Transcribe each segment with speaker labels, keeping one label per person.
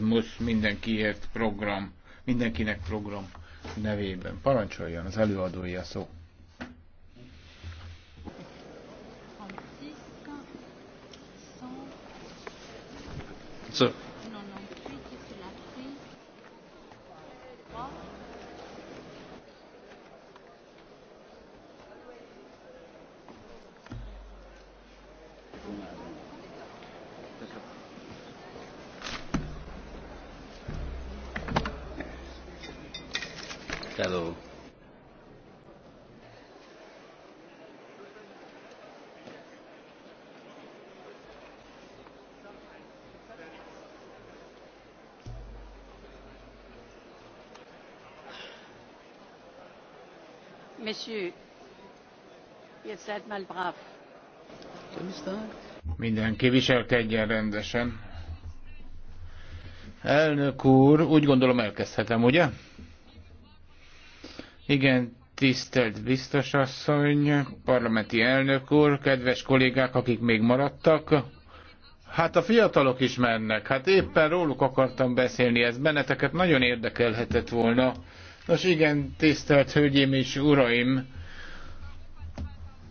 Speaker 1: most mindenkiért program, mindenkinek program nevében. Parancsoljon, az előadója szó. So. Mindenki viselkedjen rendesen. Elnök úr, úgy gondolom elkezdhetem, ugye? Igen, tisztelt biztos asszony, parlamenti elnök úr, kedves kollégák, akik még maradtak. Hát a fiatalok is mennek, hát éppen róluk akartam beszélni, ez benneteket nagyon érdekelhetett volna. Nos igen, tisztelt Hölgyeim és Uraim!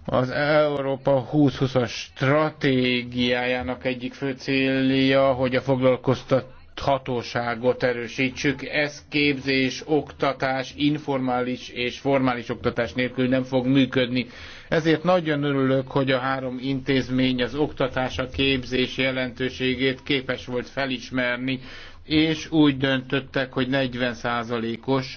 Speaker 1: Az Európa 2020-as stratégiájának egyik fő célja, hogy a foglalkoztat hatóságot erősítsük. Ez képzés, oktatás, informális és formális oktatás nélkül nem fog működni. Ezért nagyon örülök, hogy a három intézmény az oktatás, a képzés jelentőségét képes volt felismerni, és úgy döntöttek, hogy 40%-os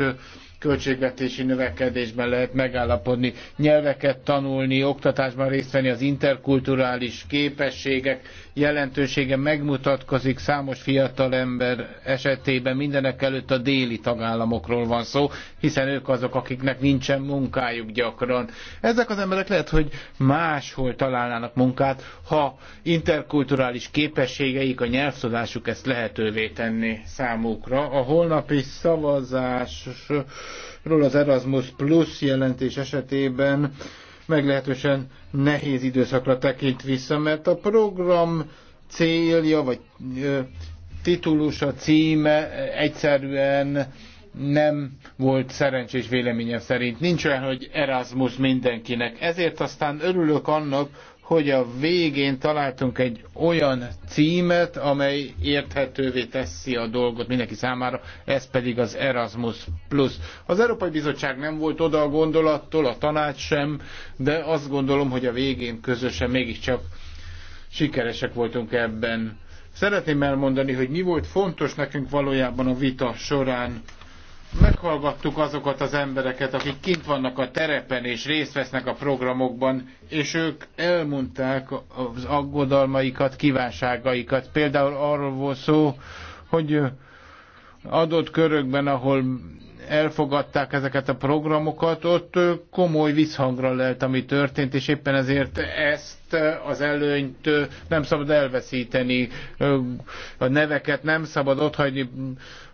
Speaker 1: költségvetési növekedésben lehet megállapodni, nyelveket tanulni, oktatásban részt venni, az interkulturális képességek jelentősége megmutatkozik számos fiatalember esetében, mindenek előtt a déli tagállamokról van szó, hiszen ők azok, akiknek nincsen munkájuk gyakran. Ezek az emberek lehet, hogy máshol találnának munkát, ha interkulturális képességeik, a nyelvtudásuk ezt lehetővé tenni számukra. A holnapi szavazás ról az Erasmus Plus jelentés esetében meglehetősen nehéz időszakra tekint vissza, mert a program célja, vagy titulusa, címe egyszerűen nem volt szerencsés véleményem szerint. Nincs olyan, hogy Erasmus mindenkinek. Ezért aztán örülök annak, hogy a végén találtunk egy olyan címet, amely érthetővé teszi a dolgot mindenki számára, ez pedig az Erasmus Plus. Az Európai Bizottság nem volt oda a gondolattól, a tanács sem, de azt gondolom, hogy a végén közösen mégiscsak sikeresek voltunk ebben. Szeretném elmondani, hogy mi volt fontos nekünk valójában a vita során meghallgattuk azokat az embereket, akik kint vannak a terepen és részt vesznek a programokban, és ők elmondták az aggodalmaikat, kívánságaikat. Például arról volt szó, hogy adott körökben, ahol elfogadták ezeket a programokat, ott komoly visszhangra lehet, ami történt, és éppen ezért ezt az előnyt nem szabad elveszíteni, a neveket nem szabad otthagyni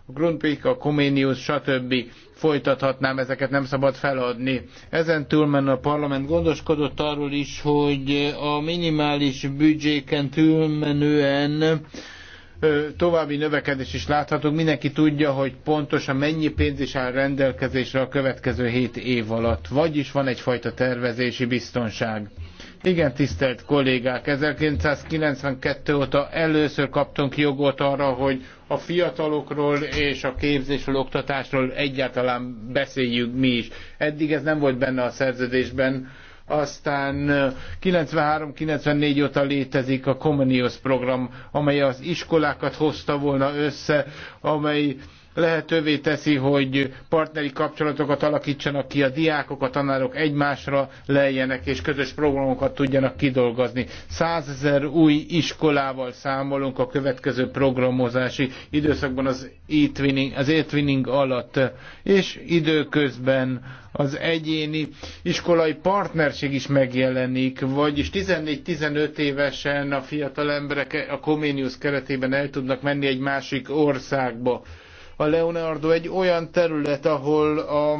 Speaker 1: Grundtvig, a Comenius, stb. folytathatnám, ezeket nem szabad feladni. Ezen túlmenően a parlament gondoskodott arról is, hogy a minimális büdzséken túlmenően további növekedés is láthatunk. Mindenki tudja, hogy pontosan mennyi pénz is áll rendelkezésre a következő 7 év alatt. Vagyis van egyfajta tervezési biztonság. Igen, tisztelt kollégák, 1992 óta először kaptunk jogot arra, hogy a fiatalokról és a képzésről, oktatásról egyáltalán beszéljünk mi is. Eddig ez nem volt benne a szerződésben aztán 93-94 óta létezik a Comenius program, amely az iskolákat hozta volna össze, amely lehetővé teszi, hogy partneri kapcsolatokat alakítsanak ki a diákok, a tanárok egymásra lejjenek, és közös programokat tudjanak kidolgozni. Százezer új iskolával számolunk a következő programozási időszakban az e-twinning, az e-twinning alatt, és időközben az egyéni iskolai partnerség is megjelenik, vagyis 14-15 évesen a fiatal emberek a Comenius keretében el tudnak menni egy másik országba. A Leonardo egy olyan terület, ahol a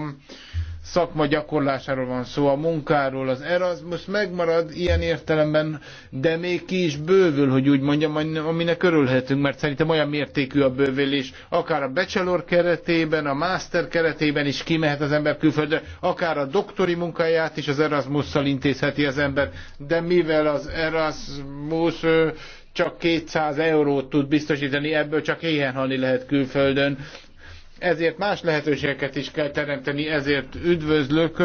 Speaker 1: szakma gyakorlásáról van szó, a munkáról. Az Erasmus megmarad ilyen értelemben, de még ki is bővül, hogy úgy mondjam, aminek örülhetünk, mert szerintem olyan mértékű a bővülés, akár a bachelor keretében, a master keretében is kimehet az ember külföldre, akár a doktori munkáját is az Erasmusszal intézheti az ember, de mivel az Erasmus csak 200 eurót tud biztosítani, ebből csak éhen halni lehet külföldön. Ezért más lehetőségeket is kell teremteni, ezért üdvözlök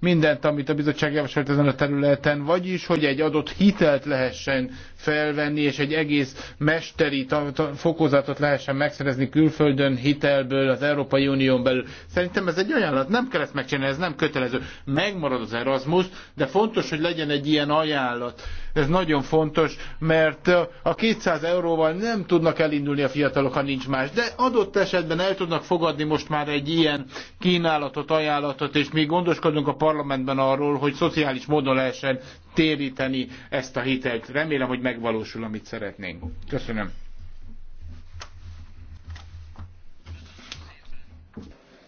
Speaker 1: mindent, amit a bizottság javasolt ezen a területen, vagyis, hogy egy adott hitelt lehessen felvenni, és egy egész mesteri fokozatot lehessen megszerezni külföldön hitelből az Európai Unión belül. Szerintem ez egy ajánlat, nem kell ezt megcsinálni, ez nem kötelező. Megmarad az Erasmus, de fontos, hogy legyen egy ilyen ajánlat. Ez nagyon fontos, mert a 200 euróval nem tudnak elindulni a fiatalok, ha nincs más, de adott esetben el tudnak fog fogadni most már egy ilyen kínálatot, ajánlatot, és mi gondoskodunk a parlamentben arról, hogy szociális módon lehessen téríteni ezt a hitelt. Remélem, hogy megvalósul, amit szeretnénk. Köszönöm.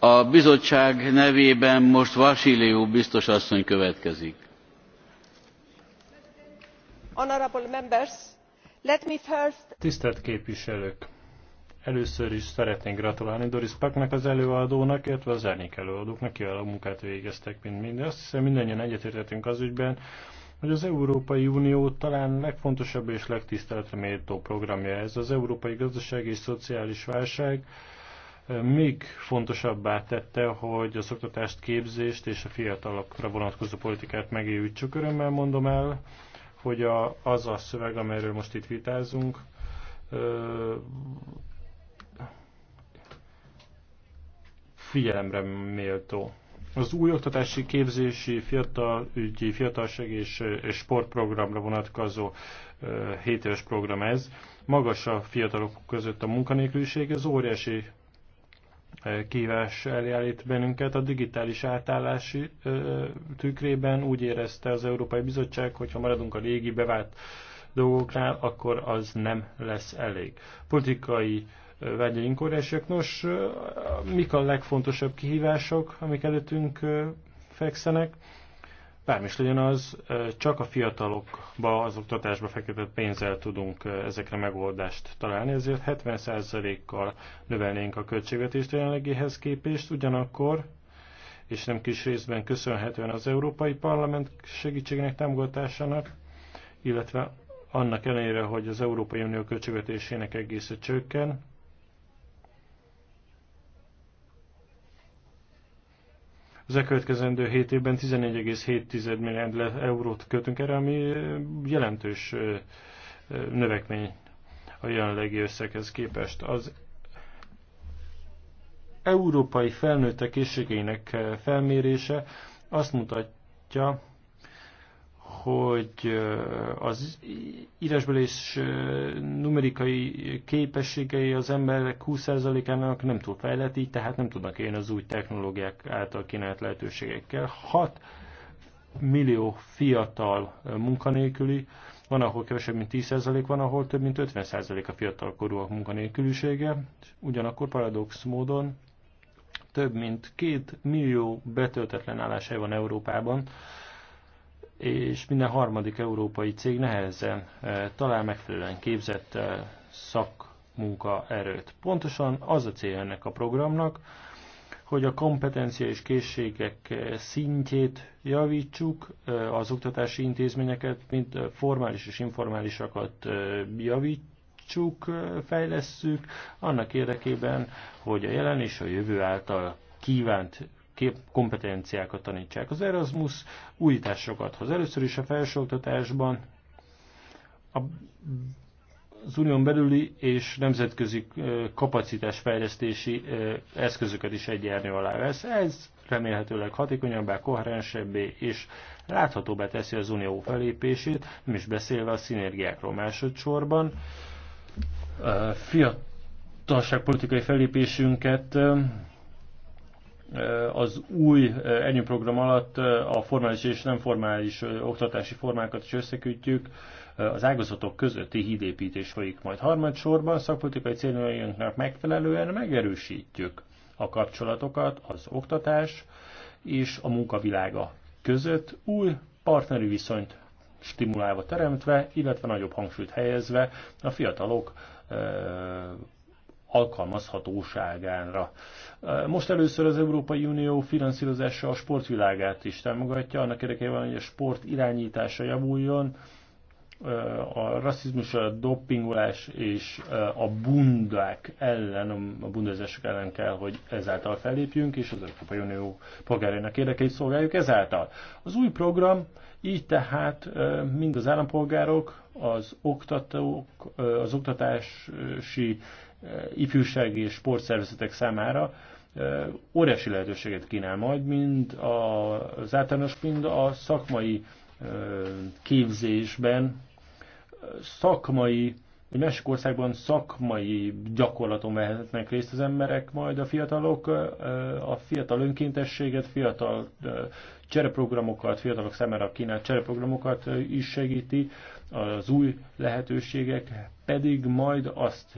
Speaker 2: a bizottság nevében most
Speaker 3: Vasilió biztos
Speaker 2: asszony következik.
Speaker 3: tisztelt képviselők! Először is szeretnénk gratulálni Doris Paknak az előadónak, illetve az árnyék előadóknak, kivel a munkát végeztek, mint minden. Azt hiszem mindannyian egyetértettünk az ügyben, hogy az Európai Unió talán legfontosabb és legtiszteletre méltó programja ez. Az európai gazdasági és szociális válság még fontosabbá tette, hogy az oktatást, képzést és a fiatalokra vonatkozó politikát csak Örömmel mondom el, hogy a, az a szöveg, amelyről most itt vitázunk, figyelemre méltó. Az új oktatási képzési, fiatal ügyi, fiatalság és, és sportprogramra vonatkozó 7 éves program ez. Magas a fiatalok között a munkanélküliség, ez óriási kívás eljállít bennünket a digitális átállási tükrében. Úgy érezte az Európai Bizottság, hogy ha maradunk a régi bevált dolgoknál, akkor az nem lesz elég. Politikai vágyaink órásiak. Nos, mik a legfontosabb kihívások, amik előttünk fekszenek? Bármi is legyen az, csak a fiatalokba, az oktatásba fektetett pénzzel tudunk ezekre megoldást találni, ezért 70%-kal növelnénk a költségvetést jelenlegihez képest, ugyanakkor és nem kis részben köszönhetően az Európai Parlament segítségének támogatásának, illetve annak ellenére, hogy az Európai Unió költségvetésének egésze csökken, az elkövetkezendő 7 évben 11,7 milliárd eurót kötünk erre, ami jelentős növekmény a jelenlegi összeghez képest. Az európai felnőttek készségeinek felmérése azt mutatja, hogy az írásbeli és numerikai képességei az emberek 20%-ának nem túl fejlett, így tehát nem tudnak élni az új technológiák által kínált lehetőségekkel. 6 millió fiatal munkanélküli, van, ahol kevesebb, mint 10%, van, ahol több, mint 50% a fiatalkorúak munkanélkülisége. Ugyanakkor paradox módon több mint 2 millió betöltetlen állásai van Európában, és minden harmadik európai cég nehezen eh, talál megfelelően képzett eh, szakmunkaerőt. Pontosan az a cél ennek a programnak, hogy a kompetencia és készségek eh, szintjét javítsuk, az oktatási intézményeket, mint formális és informálisakat javítsuk, fejlesszük, annak érdekében, hogy a jelen és a jövő által kívánt kép kompetenciákat tanítsák. Az Erasmus újításokat hoz. Először is a felsőoktatásban a az unión belüli és nemzetközi kapacitásfejlesztési eszközöket is egyjárni alá vesz. Ez remélhetőleg hatékonyabbá, koherensebbé és láthatóbbá teszi az unió felépését, nem is beszélve a szinergiákról másodszorban. A fiatalságpolitikai felépésünket az új program alatt a formális és nem formális oktatási formákat is összekütjük, az ágazatok közötti hídépítés folyik majd. Harmadsorban szakpolitikai céljainknak megfelelően megerősítjük a kapcsolatokat az oktatás és a munkavilága között új partneri viszonyt stimulálva, teremtve, illetve nagyobb hangsúlyt helyezve a fiatalok alkalmazhatóságára. Most először az Európai Unió finanszírozása a sportvilágát is támogatja, annak érdekében, hogy a sport irányítása javuljon, a rasszizmus, a dopingolás és a bundák ellen, a bundezások ellen kell, hogy ezáltal fellépjünk, és az Európai Unió polgárainak érdekeit szolgáljuk ezáltal. Az új program így tehát mind az állampolgárok, az oktatók, az oktatási ifjúsági és sportszervezetek számára óriási lehetőséget kínál majd, mind az általános, mind a szakmai képzésben, szakmai, egy másik országban szakmai gyakorlaton vehetnek részt az emberek, majd a fiatalok a fiatal önkéntességet, fiatal csereprogramokat, fiatalok számára kínált csereprogramokat is segíti, az új lehetőségek pedig majd azt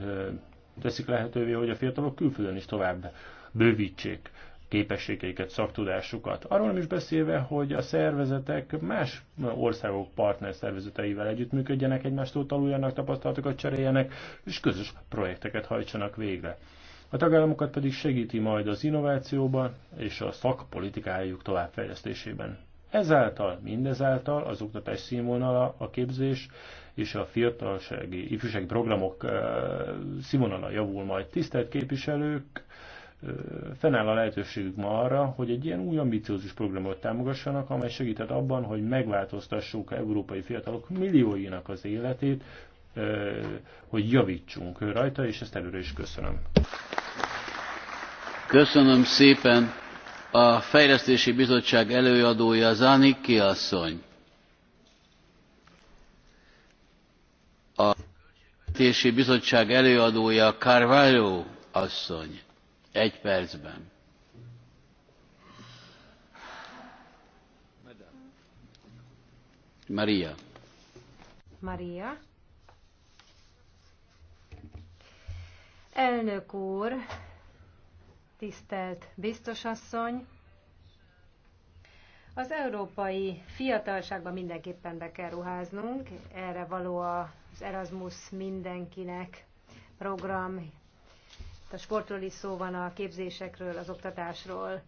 Speaker 3: teszik lehetővé, hogy a fiatalok külföldön is tovább bővítsék képességeiket, szaktudásukat. Arról nem is beszélve, hogy a szervezetek más országok partner szervezeteivel együttműködjenek, egymástól tanuljanak, tapasztalatokat cseréljenek, és közös projekteket hajtsanak végre. A tagállamokat pedig segíti majd az innovációban és a szakpolitikájuk továbbfejlesztésében. Ezáltal, mindezáltal az oktatás színvonala, a képzés és a fiatalsági, ifjúsági programok színvonala javul majd. Tisztelt képviselők, fennáll a lehetőségük ma arra, hogy egy ilyen új ambiciózus programot támogassanak, amely segített abban, hogy megváltoztassuk európai fiatalok millióinak az életét, hogy javítsunk rajta, és ezt előre is köszönöm. Köszönöm szépen a Fejlesztési Bizottság
Speaker 2: előadója Zánikki asszony. A Költségvetési Bizottság előadója Carvalho asszony. Egy percben. Maria.
Speaker 4: Maria. Elnök úr, tisztelt biztosasszony, az európai fiatalságban mindenképpen be kell ruháznunk, erre való a az Erasmus mindenkinek program. A sportról is szó van, a képzésekről, az oktatásról,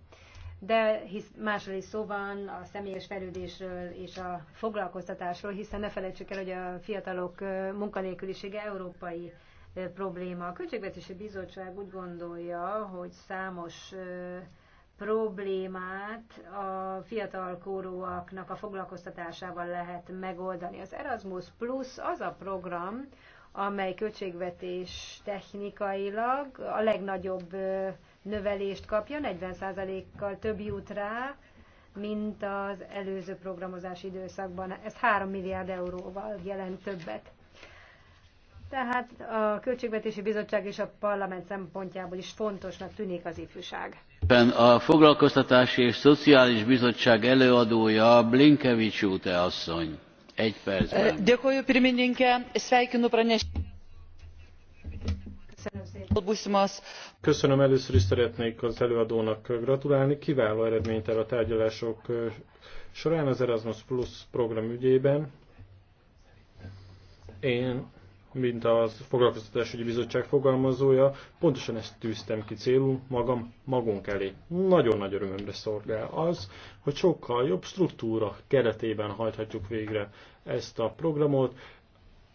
Speaker 4: de hisz másról is szó van a személyes fejlődésről és a foglalkoztatásról, hiszen ne felejtsük el, hogy a fiatalok munkanélkülisége európai probléma. A Költségvetési Bizottság úgy gondolja, hogy számos problémát a fiatalkorúaknak a foglalkoztatásával lehet megoldani. Az Erasmus Plus az a program, amely költségvetés technikailag a legnagyobb növelést kapja, 40%-kal több jut rá, mint az előző programozási időszakban. Ez 3 milliárd euróval jelent többet. Tehát a Költségvetési Bizottság és a Parlament szempontjából is fontosnak tűnik az ifjúság.
Speaker 2: A Foglalkoztatási és Szociális Bizottság előadója Blinkevics úte asszony. Egy percben.
Speaker 4: Eh,
Speaker 3: Köszönöm, először is szeretnék az előadónak gratulálni. Kiváló eredményt el a tárgyalások eh, során az Erasmus Plus program ügyében. Én mint a Foglalkoztatásügyi Bizottság fogalmazója, pontosan ezt tűztem ki célul magam magunk elé. Nagyon nagy örömömre szolgál az, hogy sokkal jobb struktúra keretében hajthatjuk végre ezt a programot,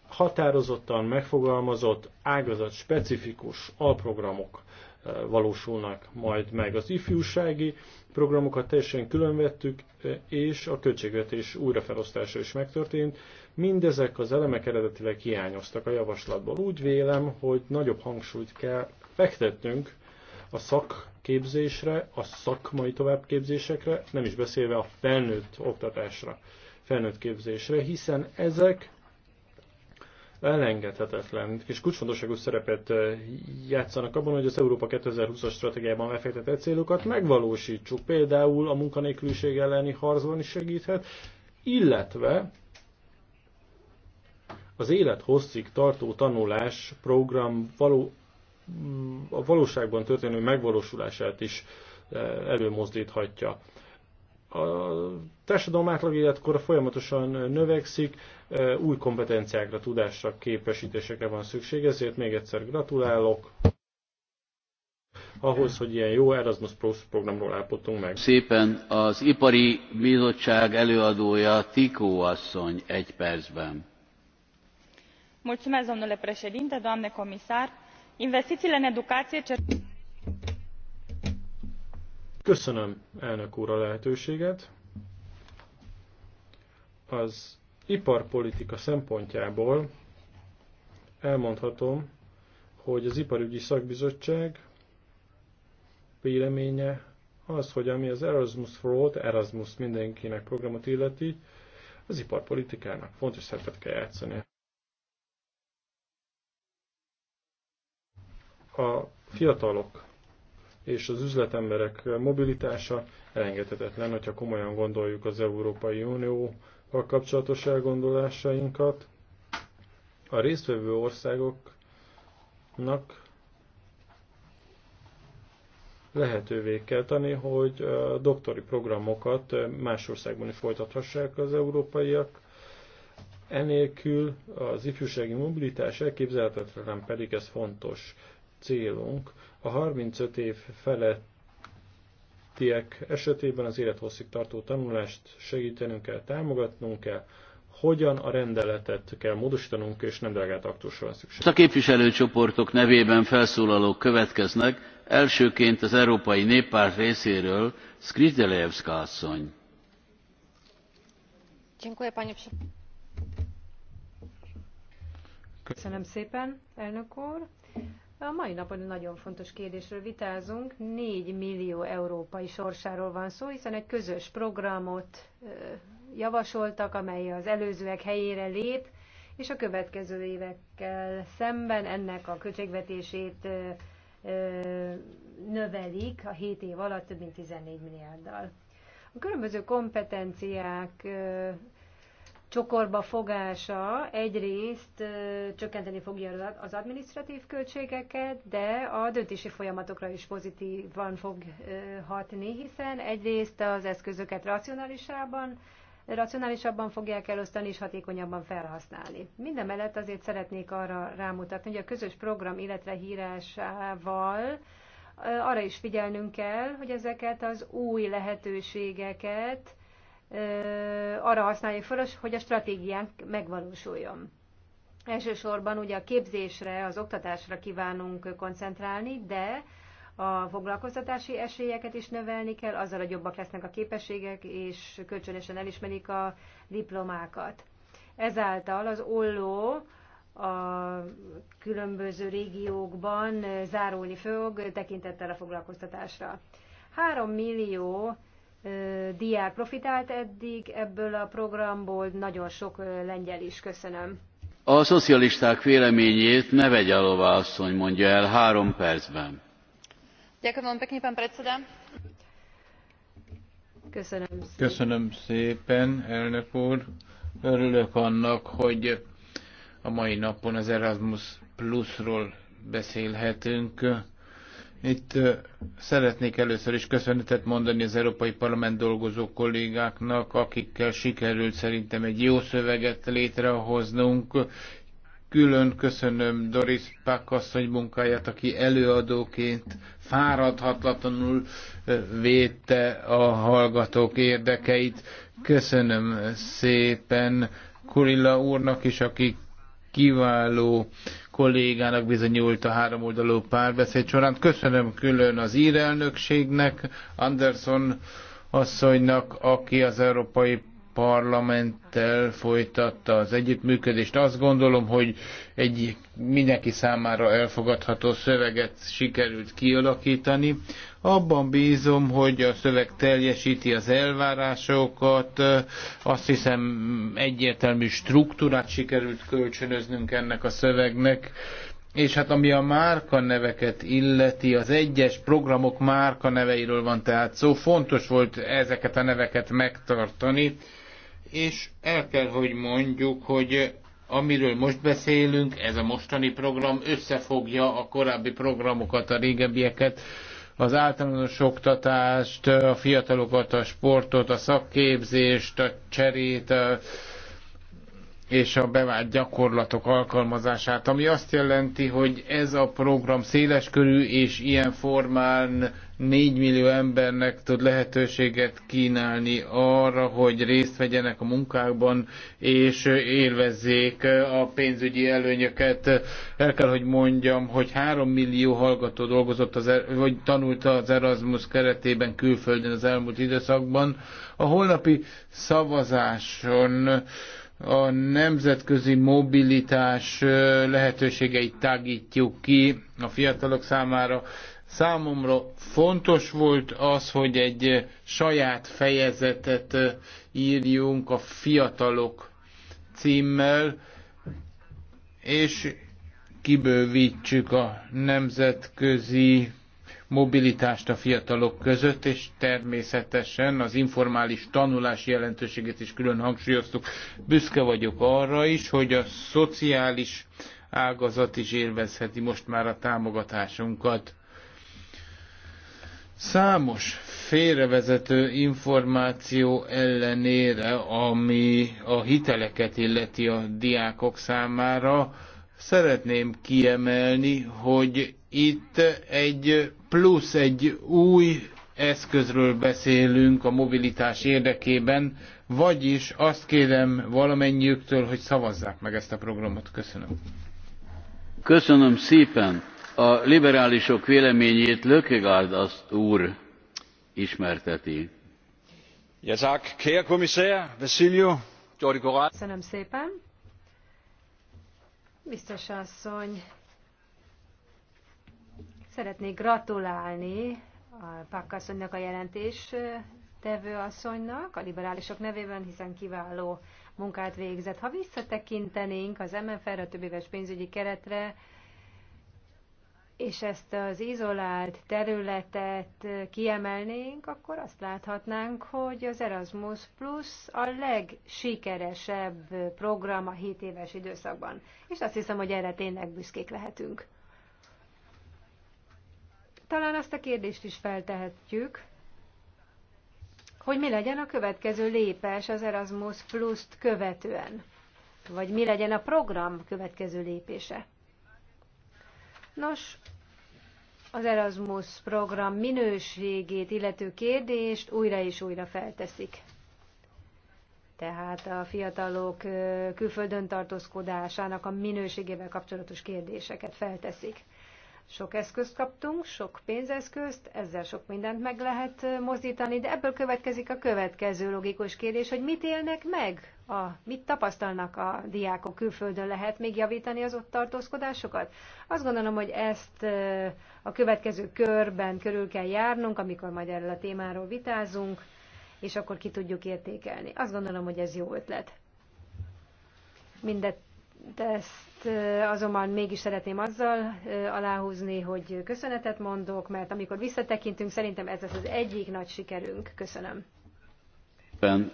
Speaker 3: határozottan megfogalmazott, ágazat specifikus alprogramok eh, valósulnak majd meg. Az ifjúsági programokat teljesen különvettük, eh, és a költségvetés újrafelosztása is megtörtént Mindezek az elemek eredetileg hiányoztak a javaslatból. Úgy vélem, hogy nagyobb hangsúlyt kell fektetnünk a szakképzésre, a szakmai továbbképzésekre, nem is beszélve a felnőtt oktatásra, felnőtt képzésre, hiszen ezek elengedhetetlen és kulcsfontosságú szerepet eh, játszanak abban, hogy az Európa 2020-as stratégiában lefektetett célokat megvalósítsuk. Például a munkanélküliség elleni harcban is segíthet, illetve az élet hosszig tartó tanulás program való, mm, a valóságban történő megvalósulását is e, előmozdíthatja. A társadalom átlag életkora folyamatosan növekszik, e, új kompetenciákra, tudásra, képesítésekre van szükség, ezért még egyszer gratulálok ahhoz, hogy ilyen jó Erasmus Plus programról állapodtunk meg.
Speaker 2: Szépen az Ipari Bizottság előadója Tikó asszony egy percben
Speaker 4: domnule președinte doamnă comisar investițiile în educație cercetare.
Speaker 3: köszönöm elnök úr a lehetőséget. az iparpolitika szempontjából elmondhatom hogy az iparügyi szakbizottság véleménye az, hogy ami az Erasmus for All, Erasmus mindenkinek programot illeti, az iparpolitikának fontos szerepet kell játszani. A fiatalok és az üzletemberek mobilitása elengedhetetlen, hogyha komolyan gondoljuk az Európai Unióval kapcsolatos elgondolásainkat. A résztvevő országoknak lehetővé kell tenni, hogy a doktori programokat más országban is folytathassák az európaiak. Enélkül az ifjúsági mobilitás elképzelhetetlen, pedig ez fontos célunk. A 35 év felettiek esetében az élethosszig tartó tanulást segítenünk kell, támogatnunk kell, hogyan a rendeletet kell módosítanunk, és nem delegált aktusra van szükség.
Speaker 2: A képviselőcsoportok nevében felszólalók következnek, elsőként az Európai Néppárt részéről Skrizdelejevszka asszony.
Speaker 1: Köszönöm
Speaker 4: szépen, elnök úr. A mai napon nagyon fontos kérdésről vitázunk. 4 millió európai sorsáról van szó, hiszen egy közös programot javasoltak, amely az előzőek helyére lép, és a következő évekkel szemben ennek a költségvetését növelik a 7 év alatt több mint 14 milliárddal. A különböző kompetenciák csokorba fogása egyrészt csökkenteni fogja az adminisztratív költségeket, de a döntési folyamatokra is pozitívan fog hatni, hiszen egyrészt az eszközöket racionálisában, racionálisabban fogják elosztani és hatékonyabban felhasználni. Mindemellett azért szeretnék arra rámutatni, hogy a közös program illetve hírásával arra is figyelnünk kell, hogy ezeket az új lehetőségeket arra használjuk fel, hogy a stratégiánk megvalósuljon. Elsősorban ugye a képzésre, az oktatásra kívánunk koncentrálni, de a foglalkoztatási esélyeket is növelni kell, azzal, hogy jobbak lesznek a képességek, és kölcsönösen elismerik a diplomákat. Ezáltal az olló a különböző régiókban zárulni fog tekintettel a foglalkoztatásra. 3 millió diák profitált eddig ebből a programból, nagyon sok lengyel is. Köszönöm.
Speaker 2: A szocialisták véleményét ne vegye alová asszony, mondja el három percben.
Speaker 4: Köszönöm szépen.
Speaker 1: Köszönöm szépen, elnök úr. Örülök annak, hogy a mai napon az Erasmus Plusról beszélhetünk itt szeretnék először is köszönetet mondani az Európai Parlament dolgozó kollégáknak, akikkel sikerült szerintem egy jó szöveget létrehoznunk. Külön köszönöm Doris Pák asszony munkáját, aki előadóként fáradhatatlanul védte a hallgatók érdekeit. Köszönöm szépen Kurilla úrnak is, aki kiváló kollégának bizonyult a háromoldalú párbeszéd során. Köszönöm külön az írelnökségnek, Anderson asszonynak, aki az Európai parlamenttel folytatta az együttműködést. Azt gondolom, hogy egy mindenki számára elfogadható szöveget sikerült kialakítani. Abban bízom, hogy a szöveg teljesíti az elvárásokat, azt hiszem egyértelmű struktúrát sikerült kölcsönöznünk ennek a szövegnek, és hát ami a márka neveket illeti, az egyes programok márka neveiről van tehát szó, fontos volt ezeket a neveket megtartani és el kell, hogy mondjuk, hogy amiről most beszélünk, ez a mostani program összefogja a korábbi programokat, a régebbieket, az általános oktatást, a fiatalokat, a sportot, a szakképzést, a cserét, a és a bevált gyakorlatok alkalmazását, ami azt jelenti, hogy ez a program széleskörű és ilyen formán 4 millió embernek tud lehetőséget kínálni arra, hogy részt vegyenek a munkákban, és élvezzék a pénzügyi előnyöket. El kell, hogy mondjam, hogy 3 millió hallgató dolgozott, az, er- vagy tanulta az Erasmus keretében külföldön az elmúlt időszakban. A holnapi szavazáson a nemzetközi mobilitás lehetőségeit tágítjuk ki a fiatalok számára. Számomra fontos volt az, hogy egy saját fejezetet írjunk a fiatalok címmel, és kibővítsük a nemzetközi mobilitást a fiatalok között, és természetesen az informális tanulás jelentőségét is külön hangsúlyoztuk. Büszke vagyok arra is, hogy a szociális ágazat is élvezheti most már a támogatásunkat. Számos félrevezető információ ellenére, ami a hiteleket illeti a diákok számára, szeretném kiemelni, hogy itt egy plusz egy új eszközről beszélünk a mobilitás érdekében, vagyis azt kérem valamennyiüktől, hogy szavazzák meg ezt a programot.
Speaker 2: Köszönöm. Köszönöm szépen. A liberálisok véleményét Lökegárd az úr ismerteti.
Speaker 4: Ja, tak. Kære kommissær, Vasilio, Jordi Köszönöm szépen. Biztos asszony, Szeretnék gratulálni a Pakkasszonynak a jelentés tevő asszonynak, a liberálisok nevében, hiszen kiváló munkát végzett. Ha visszatekintenénk az MFR-re, a többéves pénzügyi keretre, és ezt az izolált területet kiemelnénk, akkor azt láthatnánk, hogy az Erasmus Plus a legsikeresebb program a 7 éves időszakban. És azt hiszem, hogy erre tényleg büszkék lehetünk talán azt a kérdést is feltehetjük, hogy mi legyen a következő lépés az Erasmus Plus-t követően, vagy mi legyen a program következő lépése. Nos, az Erasmus program minőségét illető kérdést újra és újra felteszik. Tehát a fiatalok külföldön tartózkodásának a minőségével kapcsolatos kérdéseket felteszik. Sok eszközt kaptunk, sok pénzeszközt, ezzel sok mindent meg lehet mozdítani, de ebből következik a következő logikus kérdés, hogy mit élnek meg, a, mit tapasztalnak a diákok külföldön, lehet még javítani az ott tartózkodásokat? Azt gondolom, hogy ezt a következő körben körül kell járnunk, amikor majd erről a témáról vitázunk, és akkor ki tudjuk értékelni. Azt gondolom, hogy ez jó ötlet. ezt azonban mégis szeretném azzal aláhúzni, hogy köszönetet mondok, mert amikor visszatekintünk, szerintem ez az, az egyik nagy sikerünk. Köszönöm.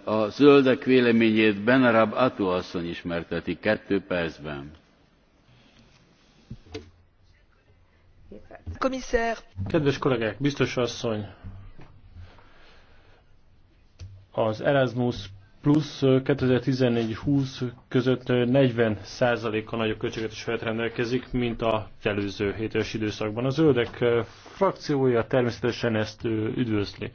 Speaker 2: A zöldek véleményét Benarab Atu asszony ismerteti kettő percben.
Speaker 4: Komisszár.
Speaker 3: Kedves kollégák, biztos asszony, az Erasmus plusz 2014-20 között 40 százalékkal nagyobb költségvetés felett rendelkezik, mint a előző hétes időszakban. A zöldek frakciója természetesen ezt üdvözli.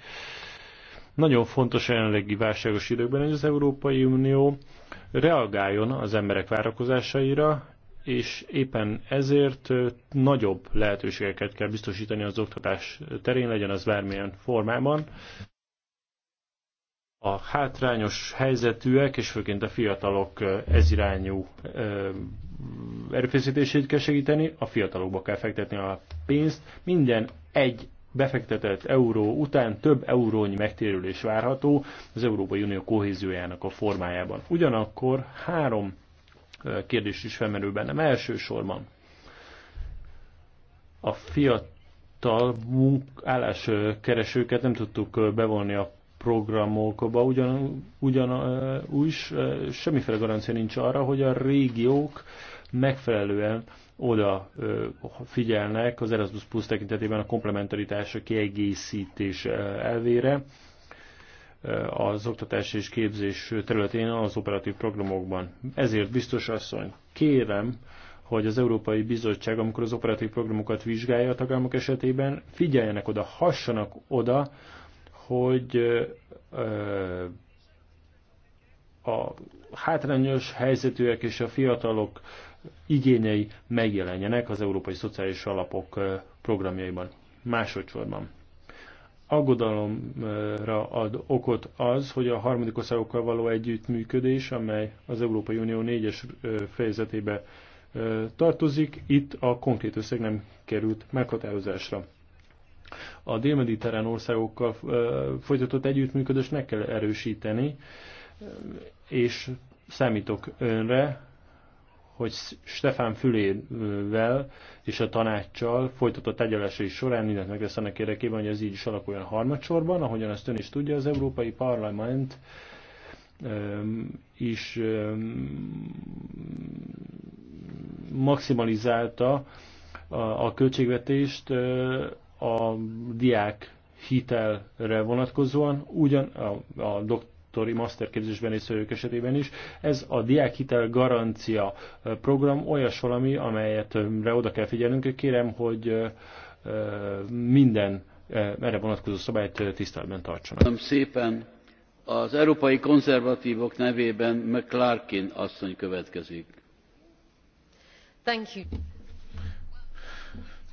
Speaker 3: Nagyon fontos a jelenlegi válságos időkben, hogy az Európai Unió reagáljon az emberek várakozásaira, és éppen ezért nagyobb lehetőségeket kell biztosítani az oktatás terén, legyen az bármilyen formában a hátrányos helyzetűek, és főként a fiatalok ezirányú erőfeszítését kell segíteni, a fiatalokba kell fektetni a pénzt. Minden egy befektetett euró után több eurónyi megtérülés várható az Európai Unió kohéziójának a formájában. Ugyanakkor három kérdés is felmerül bennem. Elsősorban a fiatal munkálláskeresőket nem tudtuk bevonni a programokba ugyan, ugyan úgy semmiféle garancia nincs arra, hogy a régiók megfelelően oda figyelnek az Erasmus Plus tekintetében a komplementaritás, a kiegészítés elvére az oktatás és képzés területén az operatív programokban. Ezért biztos asszony, kérem, hogy az Európai Bizottság, amikor az operatív programokat vizsgálja a tagállamok esetében, figyeljenek oda, hassanak oda hogy a hátrányos helyzetűek és a fiatalok igényei megjelenjenek az Európai Szociális Alapok programjaiban. Másodszorban aggodalomra ad okot az, hogy a harmadik országokkal való együttműködés, amely az Európai Unió négyes fejezetébe tartozik, itt a konkrét összeg nem került meghatározásra a dél-mediterrán országokkal folytatott együttműködést meg kell erősíteni, és számítok önre, hogy Stefán Fülével és a tanácssal folytatott egyelesei során mindent megtesz annak érdekében, hogy ez így is alakuljon harmadsorban, ahogyan ezt ön is tudja, az Európai Parlament is maximalizálta a költségvetést a diák hitelre vonatkozóan, ugyan a, a doktori masterképzésben részvevők esetében is. Ez a diákhitel garancia program olyas valami, amelyetre oda kell figyelnünk. Kérem, hogy minden erre vonatkozó szabályt tiszteletben tartsanak. Köszönöm szépen. Az
Speaker 2: európai konzervatívok nevében McClarkin asszony következik.
Speaker 5: Thank you.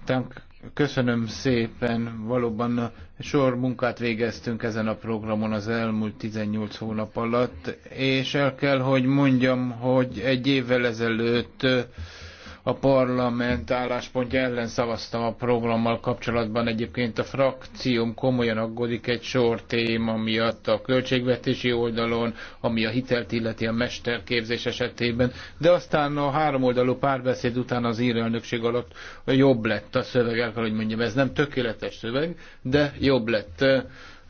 Speaker 1: Thank Köszönöm szépen. Valóban sor munkát végeztünk ezen a programon az elmúlt 18 hónap alatt, és el kell, hogy mondjam, hogy egy évvel ezelőtt a parlament álláspontja ellen szavaztam a programmal kapcsolatban. Egyébként a frakcióm komolyan aggódik egy sor téma miatt a költségvetési oldalon, ami a hitelt illeti a mesterképzés esetében, de aztán a háromoldalú párbeszéd után az írelnökség alatt jobb lett a szöveg, el kell, hogy mondjam, ez nem tökéletes szöveg, de jobb lett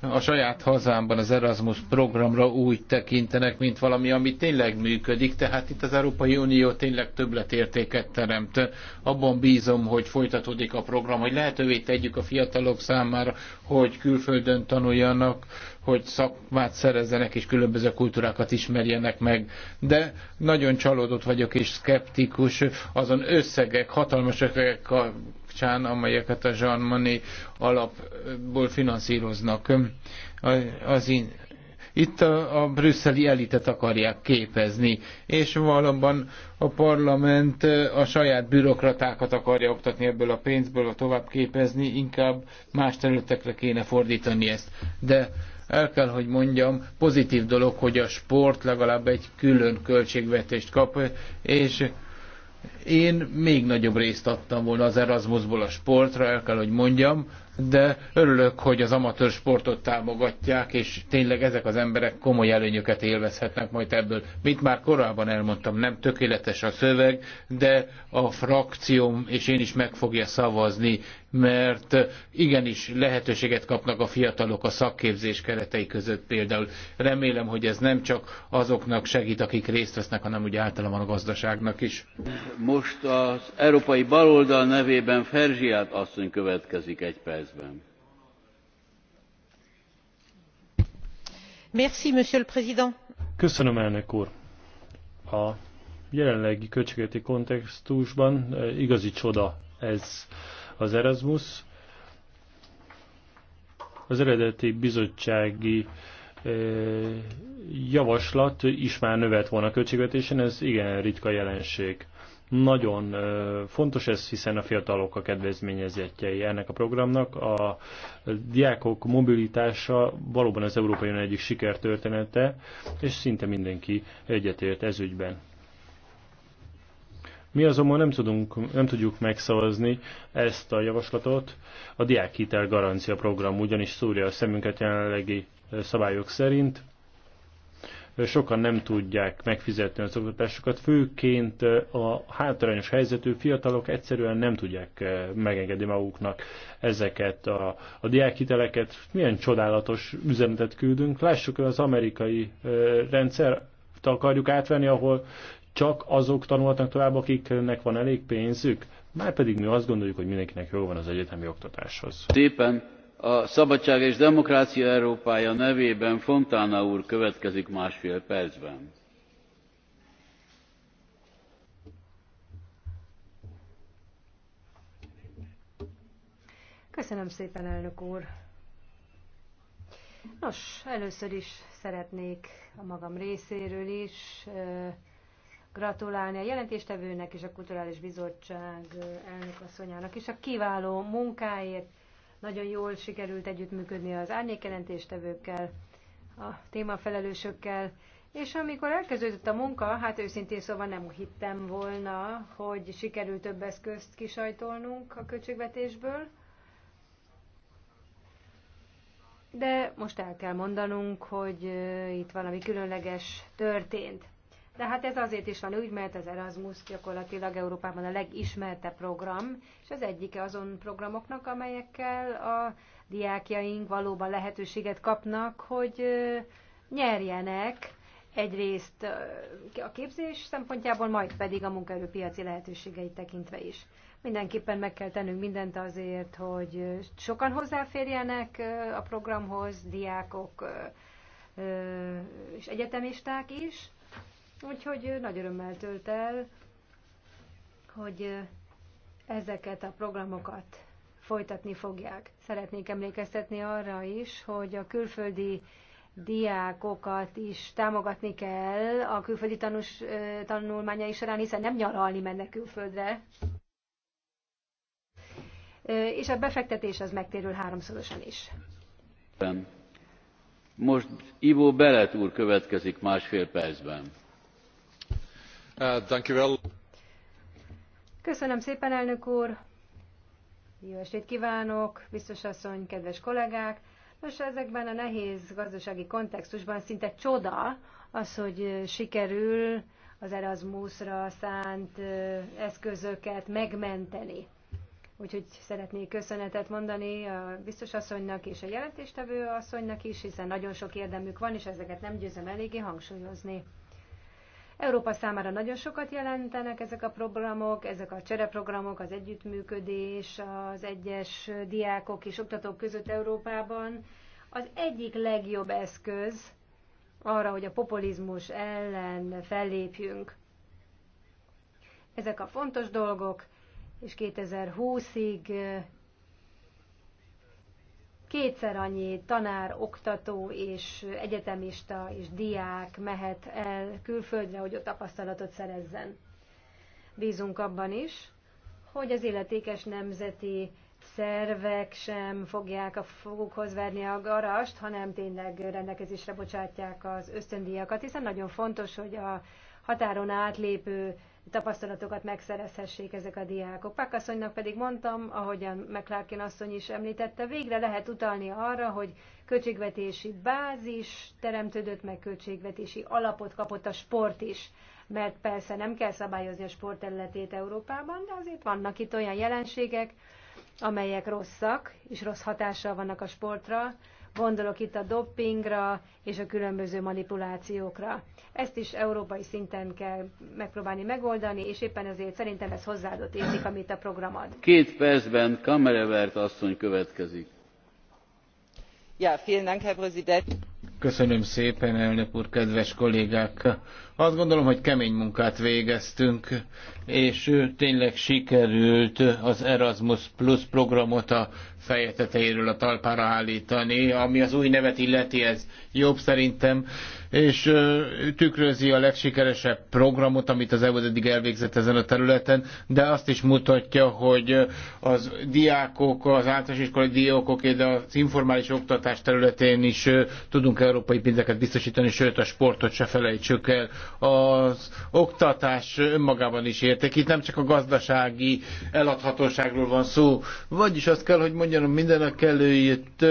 Speaker 1: a saját hazámban az Erasmus programra úgy tekintenek, mint valami, ami tényleg működik, tehát itt az Európai Unió tényleg többletértéket teremt. Abban bízom, hogy folytatódik a program, hogy lehetővé tegyük a fiatalok számára, hogy külföldön tanuljanak, hogy szakmát szerezzenek és különböző kultúrákat ismerjenek meg. De nagyon csalódott vagyok és szkeptikus azon összegek, hatalmas összegek kapcsán, amelyeket a Jean Monnet alapból finanszíroznak. Az in- itt a, a brüsszeli elitet akarják képezni, és valóban a parlament a saját bürokratákat akarja oktatni ebből a pénzből, a tovább képezni, inkább más területekre kéne fordítani ezt. De el kell, hogy mondjam, pozitív dolog, hogy a sport legalább egy külön költségvetést kap, és én még nagyobb részt adtam volna az Erasmusból a sportra, el kell, hogy mondjam, de örülök, hogy az amatőr sportot támogatják, és tényleg ezek az emberek komoly előnyöket élvezhetnek majd ebből. Mint már korábban elmondtam, nem tökéletes a szöveg, de a frakcióm és én is meg fogja szavazni, mert igenis lehetőséget kapnak a fiatalok a szakképzés keretei között például. Remélem, hogy ez nem csak azoknak segít, akik részt vesznek, hanem úgy általában a gazdaságnak is.
Speaker 2: Most az Európai Baloldal nevében Ferzsiát asszony következik egy perc.
Speaker 4: Merci, monsieur le président.
Speaker 3: Köszönöm, elnök úr. A jelenlegi költségvetési kontextusban e, igazi csoda ez az Erasmus. Az eredeti bizottsági e, javaslat is már növet volna a költségvetésen, ez igen ritka jelenség. Nagyon fontos ez, hiszen a fiatalok a kedvezményezettjei ennek a programnak. A diákok mobilitása valóban az Európai Unió egyik sikertörténete, és szinte mindenki egyetért ez ügyben. Mi azonban nem, tudunk, nem tudjuk megszavazni ezt a javaslatot. A diákhitel garancia program ugyanis szúrja a szemünket jelenlegi szabályok szerint sokan nem tudják megfizetni az oktatásokat, főként a hátrányos helyzetű fiatalok egyszerűen nem tudják megengedni maguknak ezeket a, a diákhiteleket. Milyen csodálatos üzenetet küldünk. Lássuk az amerikai rendszer akarjuk átvenni, ahol csak azok tanulhatnak tovább, akiknek van elég pénzük. Már pedig mi azt gondoljuk, hogy mindenkinek jó van az egyetemi oktatáshoz.
Speaker 2: Szépen a szabadság és demokrácia európája nevében fontana úr következik másfél percben.
Speaker 4: Köszönöm szépen, elnök úr! Nos, először is szeretnék a magam részéről is gratulálni a jelentéstevőnek és a Kulturális Bizottság asszonyának is a kiváló munkáért, nagyon jól sikerült együttműködni az árnyékjelentéstevőkkel, a témafelelősökkel, és amikor elkezdődött a munka, hát őszintén szóval nem hittem volna, hogy sikerült több eszközt kisajtolnunk a költségvetésből, de most el kell mondanunk, hogy eh, itt valami különleges történt. De hát ez azért is van úgy, mert az Erasmus gyakorlatilag Európában a legismertebb program, és az egyike azon programoknak, amelyekkel a diákjaink valóban lehetőséget kapnak, hogy nyerjenek egyrészt a képzés szempontjából, majd pedig a munkaerőpiaci lehetőségeit tekintve is. Mindenképpen meg kell tennünk mindent azért, hogy sokan hozzáférjenek a programhoz, diákok és egyetemisták is, Úgyhogy nagy örömmel tölt el, hogy ezeket a programokat folytatni fogják. Szeretnék emlékeztetni arra is, hogy a külföldi diákokat is támogatni kell a külföldi tanús, tanulmányai során, hiszen nem nyaralni mennek külföldre. És a befektetés az megtérül háromszorosan is.
Speaker 2: Most Ivo Belet úr következik másfél percben. Eh,
Speaker 4: Köszönöm szépen, elnök úr! Jó estét kívánok, biztos asszony, kedves kollégák! Nos, ezekben a nehéz gazdasági kontextusban szinte csoda az, hogy sikerül az Erasmusra szánt eh, eszközöket megmenteni. Úgyhogy szeretnék köszönetet mondani a biztos asszonynak és a jelentéstevő asszonynak is, hiszen nagyon sok érdemük van, és ezeket nem győzöm eléggé hangsúlyozni. Európa számára nagyon sokat jelentenek ezek a programok, ezek a csereprogramok, az együttműködés, az egyes diákok és oktatók között Európában. Az egyik legjobb eszköz arra, hogy a populizmus ellen fellépjünk. Ezek a fontos dolgok, és 2020-ig kétszer annyi tanár, oktató és egyetemista és diák mehet el külföldre, hogy ott tapasztalatot szerezzen. Bízunk abban is, hogy az illetékes nemzeti szervek sem fogják a fogukhoz verni a garast, hanem tényleg rendelkezésre bocsátják az ösztöndíjakat, hiszen nagyon fontos, hogy a határon átlépő tapasztalatokat megszerezhessék ezek a diákok. Pákasszonynak pedig mondtam, ahogyan McLarkin asszony is említette, végre lehet utalni arra, hogy költségvetési bázis teremtődött, meg költségvetési alapot kapott a sport is. Mert persze nem kell szabályozni a sport területét Európában, de azért vannak itt olyan jelenségek, amelyek rosszak, és rossz hatással vannak a sportra, gondolok itt a doppingra és a különböző manipulációkra. Ezt is európai szinten kell megpróbálni megoldani, és éppen ezért szerintem ez hozzáadott érték, amit a program ad.
Speaker 2: Két percben Kamerevert asszony következik.
Speaker 4: Ja, vielen Dank, Herr Präsident
Speaker 1: Köszönöm szépen, elnök úr, kedves kollégák! Azt gondolom, hogy kemény munkát végeztünk, és tényleg sikerült az Erasmus Plus programot a feje tetejéről a talpára állítani, ami az új nevet illeti, ez jobb szerintem, és tükrözi a legsikeresebb programot, amit az EU eddig elvégzett ezen a területen, de azt is mutatja, hogy az diákok, az általános iskolai diákok, de az informális oktatás területén is tudunk európai pénzeket biztosítani, sőt a sportot se felejtsük el. Az oktatás önmagában is érték, itt nem csak a gazdasági eladhatóságról van szó, vagyis azt kell, hogy mondjam, mindenek előtt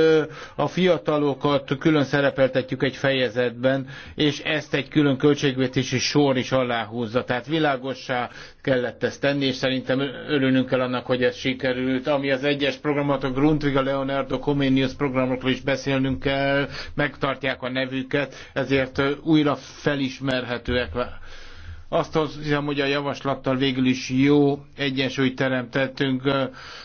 Speaker 1: a fiatalokat külön szerepeltetjük egy fejezetben, és ezt egy külön költségvetési sor is aláhúzza. Tehát világossá kellett ezt tenni, és szerintem örülnünk kell annak, hogy ez sikerült. Ami az egyes programot, a Grundtvig, a Leonardo Comenius programokról is beszélnünk kell, megtartják megkapják a nevüket, ezért újra felismerhetőek. Azt hiszem, hogy a javaslattal végül is jó egyensúlyt teremtettünk.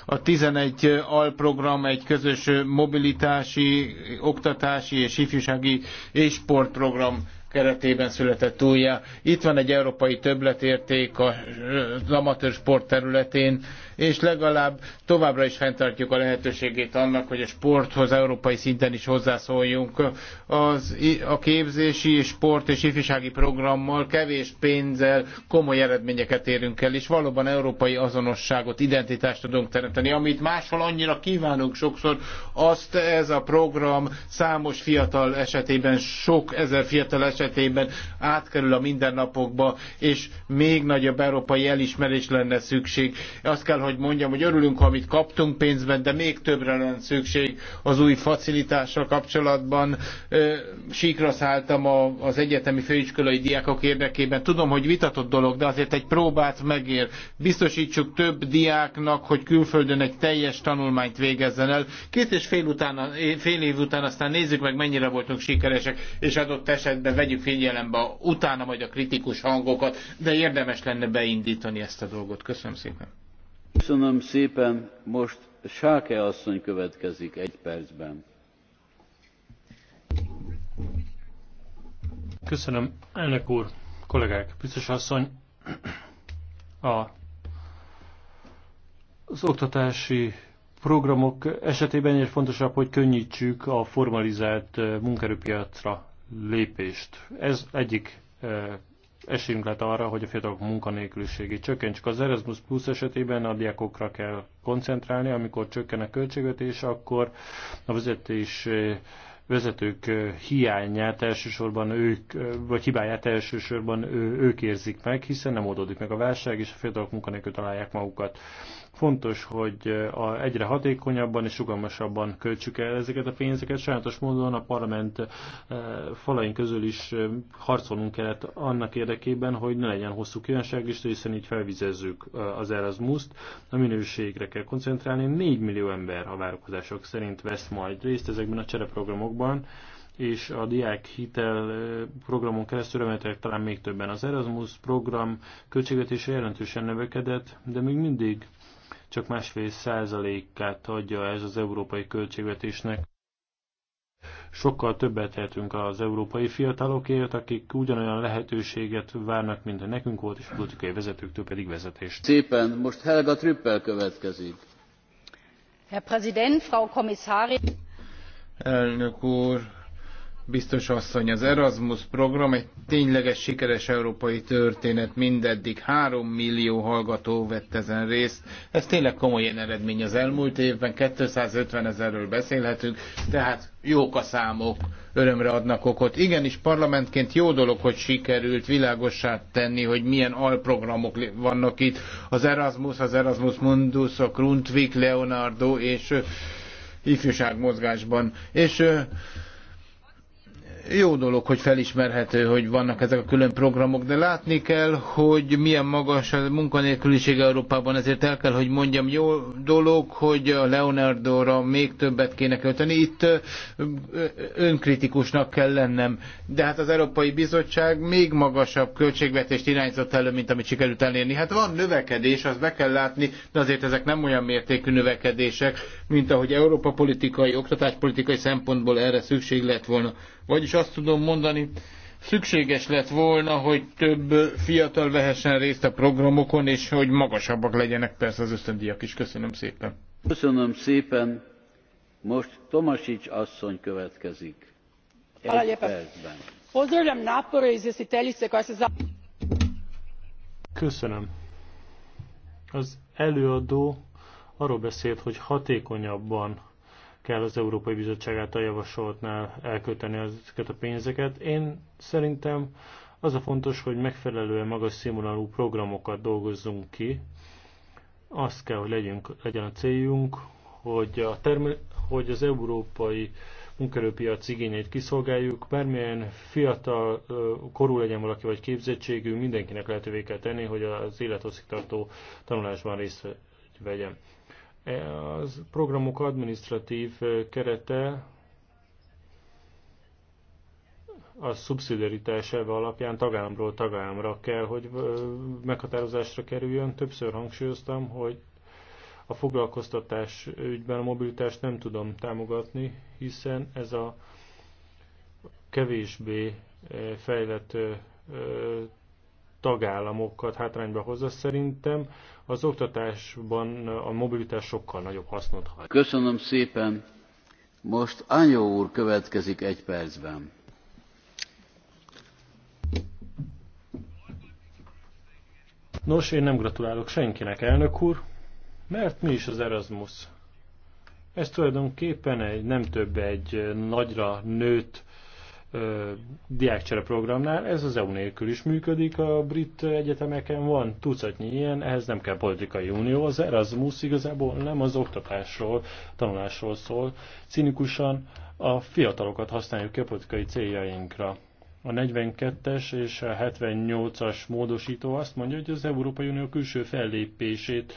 Speaker 1: A 11 alprogram egy közös mobilitási, oktatási és ifjúsági és sportprogram keretében született újjá. Itt van egy európai többletérték az amatőr sport területén, és legalább továbbra is fenntartjuk a lehetőségét annak, hogy a sporthoz európai szinten is hozzászóljunk. Az, a képzési, sport és ifjúsági programmal kevés pénzzel komoly eredményeket érünk el, és valóban európai azonosságot, identitást tudunk teremteni. Amit máshol annyira kívánunk sokszor, azt ez a program számos fiatal esetében, sok ezer fiatal esetében esetében átkerül a mindennapokba, és még nagyobb európai elismerés lenne szükség. Azt kell, hogy mondjam, hogy örülünk, ha amit kaptunk pénzben, de még többre lenne szükség az új facilitással kapcsolatban. Síkra szálltam az egyetemi főiskolai diákok érdekében. Tudom, hogy vitatott dolog, de azért egy próbát megér. Biztosítsuk több diáknak, hogy külföldön egy teljes tanulmányt végezzen el. Két és fél, után, fél év után aztán nézzük meg, mennyire voltunk sikeresek, és adott esetben vegyük vegyük figyelembe, utána majd a kritikus hangokat, de érdemes lenne beindítani ezt a dolgot.
Speaker 2: Köszönöm szépen. Köszönöm szépen. Most Sáke asszony következik egy percben.
Speaker 3: Köszönöm, elnök úr, kollégák, biztos asszony. A, az oktatási programok esetében is fontosabb, hogy könnyítsük a formalizált eh, munkerőpiacra lépést. Ez egyik esélyünk lett arra, hogy a fiatalok munkanélküliségét csökkentsük. Az Erasmus Plus esetében a diákokra kell koncentrálni, amikor csökken a költségvetés, akkor a vezetés vezetők hiányát elsősorban ők, vagy hibáját elsősorban ők érzik meg, hiszen nem oldódik meg a válság, és a fiatalok munkanélkül találják magukat. Fontos, hogy eh, a egyre hatékonyabban és rugalmasabban költsük el ezeket a pénzeket. Sajnos módon a parlament eh, falain közül is eh, harcolnunk kellett annak érdekében, hogy ne legyen hosszú kívánságlista, hiszen így felvizezzük az Erasmus-t. A minőségre kell koncentrálni. 4 millió ember a várakozások szerint vesz majd részt ezekben a csereprogramokban és a diák hitel programon keresztül remélhetőleg talán még többen. Az Erasmus program költségvetése jelentősen növekedett, de még mindig csak másfél százalékát adja ez az európai költségvetésnek. Sokkal többet tehetünk az európai fiatalokért, akik ugyanolyan lehetőséget várnak, mint nekünk volt, és politikai vezetőktől pedig vezetést. Szépen, most Helga Trüppel következik.
Speaker 4: Herr Präsident, Frau Kommissarin!
Speaker 1: Elnök úr, biztos asszony, az Erasmus program egy tényleges sikeres európai történet, mindeddig három millió hallgató vett ezen részt. Ez tényleg komoly eredmény az elmúlt évben, 250 ezerről beszélhetünk, tehát jók a számok, örömre adnak okot. Igenis, parlamentként jó dolog, hogy sikerült világossá tenni, hogy milyen alprogramok vannak itt. Az Erasmus, az Erasmus Mundus, a Grundtvig, Leonardo és ifjúságmozgásban. És jó dolog, hogy felismerhető, hogy vannak ezek a külön programok, de látni kell, hogy milyen magas a munkanélküliség Európában, ezért el kell, hogy mondjam, jó dolog, hogy a Leonardo-ra még többet kéne költeni. Itt önkritikusnak kell lennem. De hát az Európai Bizottság még magasabb költségvetést irányzott elő, mint amit sikerült elérni. Hát van növekedés, azt be kell látni, de azért ezek nem olyan mértékű növekedések, mint ahogy Európa politikai, oktatáspolitikai szempontból erre szükség lett volna vagyis azt tudom mondani, szükséges lett volna, hogy több fiatal vehessen részt a programokon, és hogy
Speaker 2: magasabbak legyenek persze az ösztöndíjak is. Köszönöm szépen. Köszönöm szépen. Most Tomasics asszony következik. Egy Pozdravljam napore izvjestiteljice koja se
Speaker 3: Köszönöm. Az előadó arról beszélt, hogy hatékonyabban kell az Európai Bizottság által javasoltnál elkölteni ezeket a pénzeket. Én szerintem az a fontos, hogy megfelelően magas színvonalú programokat dolgozzunk ki. Azt kell, hogy legyünk, legyen a céljunk, hogy, a termel, hogy az európai munkerőpiac igényeit kiszolgáljuk, bármilyen fiatal korú legyen valaki, vagy képzettségű, mindenkinek lehetővé kell tenni, hogy az élethosszígtartó tanulásban részt vegyen. Az programok administratív kerete a szubszidiaritás elve alapján tagállamról tagállamra kell, hogy meghatározásra kerüljön. Többször hangsúlyoztam, hogy a foglalkoztatás ügyben a mobilitást nem tudom támogatni, hiszen ez a kevésbé fejlett tagállamokat hátrányba hozza. Szerintem az oktatásban a mobilitás sokkal nagyobb hasznot
Speaker 2: hajt. Köszönöm szépen. Most Anyó úr következik egy percben.
Speaker 3: Nos, én nem gratulálok senkinek, elnök úr, mert mi is az Erasmus? Ez tulajdonképpen egy, nem több egy nagyra nőtt diákcsere programnál, ez az EU nélkül is működik, a brit egyetemeken van tucatnyi ilyen, ehhez nem kell politikai unió, az Erasmus igazából nem az oktatásról, tanulásról szól, cinikusan a fiatalokat használjuk ki a politikai céljainkra. A 42-es és a 78-as módosító azt mondja, hogy az Európai Unió külső fellépését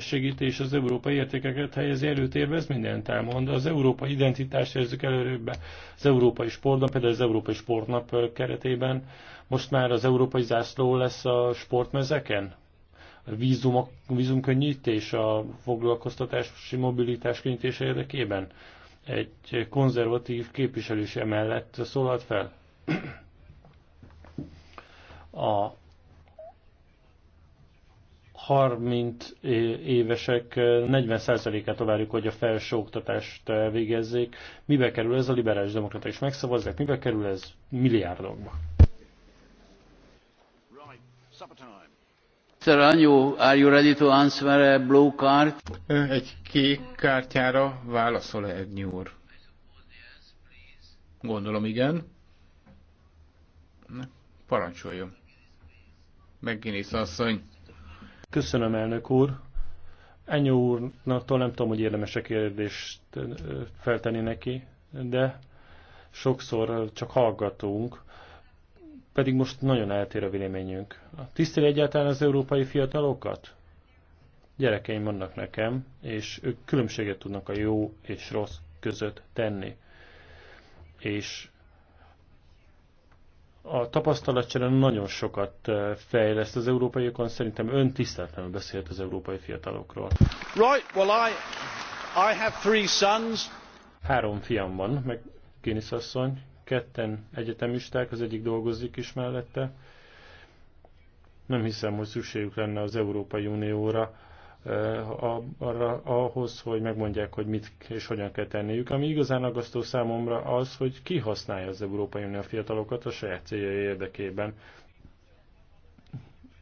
Speaker 3: segíti és az európai értékeket helyezi előtérbe, ez mindent elmond. Az európai identitást érzük előrébb az európai sportban, például az európai sportnap keretében. Most már az európai zászló lesz a sportmezeken? A vízum, vízumkönnyítés, a foglalkoztatási mobilitás könnyítése érdekében? Egy konzervatív képviselőse emellett szólalt fel? a 30 évesek eh, 40%-át várjuk, hogy a felsőoktatást eh, végezzék. Mibe kerül ez? A liberális demokrata is megszavazzák. Mibe kerül ez? Milliárdokba. are
Speaker 2: you ready to answer a blue card? Egy kék kártyára válaszol-e
Speaker 1: egy úr? Gondolom igen.
Speaker 3: Parancsoljon. Megginész asszony. Köszönöm, elnök úr. Ennyi úrnaktól nem tudom, hogy érdemes-e kérdést feltenni neki, de sokszor csak hallgatunk, pedig most nagyon eltér a véleményünk. Tiszteli egyáltalán az európai fiatalokat? Gyerekeim vannak nekem, és ők különbséget tudnak a jó és rossz között tenni. És a tapasztalatcsere nagyon sokat eh, fejleszt az európaiakon, szerintem ön tiszteletlenül beszélt az európai fiatalokról. Right, well I, I have three sons. Három fiam van, meg Guinness asszony, ketten egyetemisták, az egyik dolgozik is mellette. Nem hiszem, hogy szükségük lenne az Európai Unióra arra, ahhoz, hogy megmondják, hogy mit és hogyan kell tenniük. Ami igazán aggasztó számomra az, hogy ki használja az Európai Unió fiatalokat a saját céljai érdekében.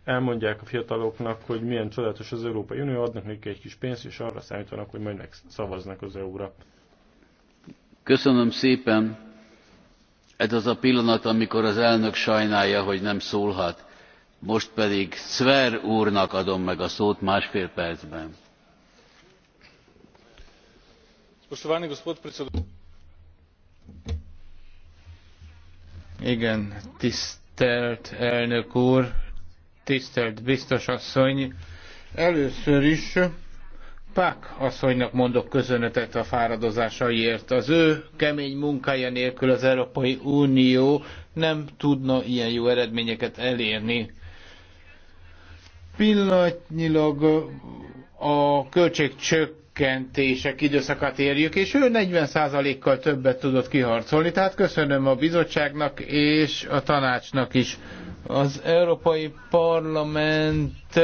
Speaker 3: Elmondják a fiataloknak, hogy milyen csodálatos az Európai Unió, adnak nekik egy kis pénzt, és arra számítanak, hogy majd megszavaznak az EU-ra.
Speaker 2: Köszönöm szépen. Ez az a pillanat, amikor az elnök sajnálja, hogy nem szólhat most pedig Szver úrnak adom meg a szót másfél percben. Igen,
Speaker 1: tisztelt elnök úr, tisztelt biztos asszony, először is Pák asszonynak mondok köszönetet a fáradozásaiért. Az ő kemény munkája nélkül az Európai Unió nem tudna ilyen jó eredményeket elérni Pillanatnyilag a költségcsökkentések időszakát érjük, és ő 40%-kal többet tudott kiharcolni, tehát köszönöm a bizottságnak és a tanácsnak is. Az Európai Parlament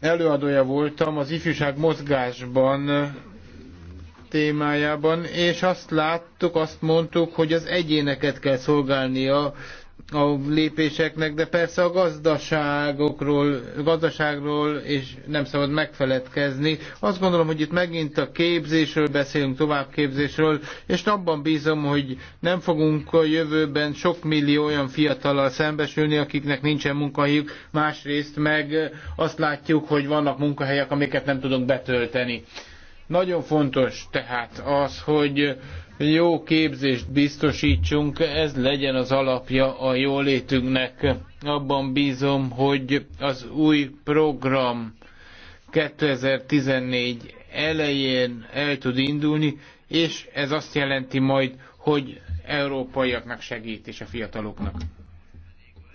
Speaker 1: előadója voltam az ifjúság mozgásban témájában, és azt láttuk, azt mondtuk, hogy az egyéneket kell szolgálnia, a lépéseknek, de persze a gazdaságokról, gazdaságról és nem szabad megfeledkezni. Azt gondolom, hogy itt megint a képzésről beszélünk, továbbképzésről, és abban bízom, hogy nem fogunk a jövőben sok millió olyan fiatalal szembesülni, akiknek nincsen munkahelyük, másrészt meg azt látjuk, hogy vannak munkahelyek, amiket nem tudunk betölteni. Nagyon fontos tehát az, hogy jó képzést biztosítsunk, ez legyen az alapja a jólétünknek. Abban bízom, hogy az új program 2014 elején el tud indulni, és ez azt jelenti majd, hogy európaiaknak segít
Speaker 2: és a fiataloknak.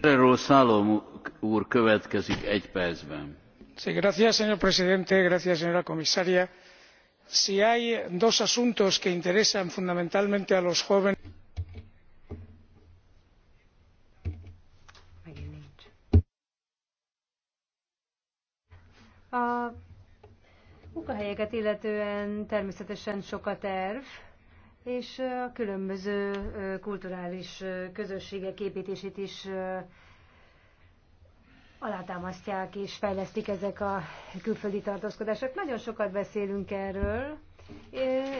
Speaker 2: Erről Szálom úr következik egy percben.
Speaker 5: Sí, gracias, señor presidente, gracias, señora comisaria si hay dos asuntos que interesan fundamentalmente a los jóvenes
Speaker 4: A munkahelyeket illetően természetesen sok a terv, és a különböző kulturális közösségek építését is alátámasztják és fejlesztik ezek a külföldi tartózkodások. Nagyon sokat beszélünk erről,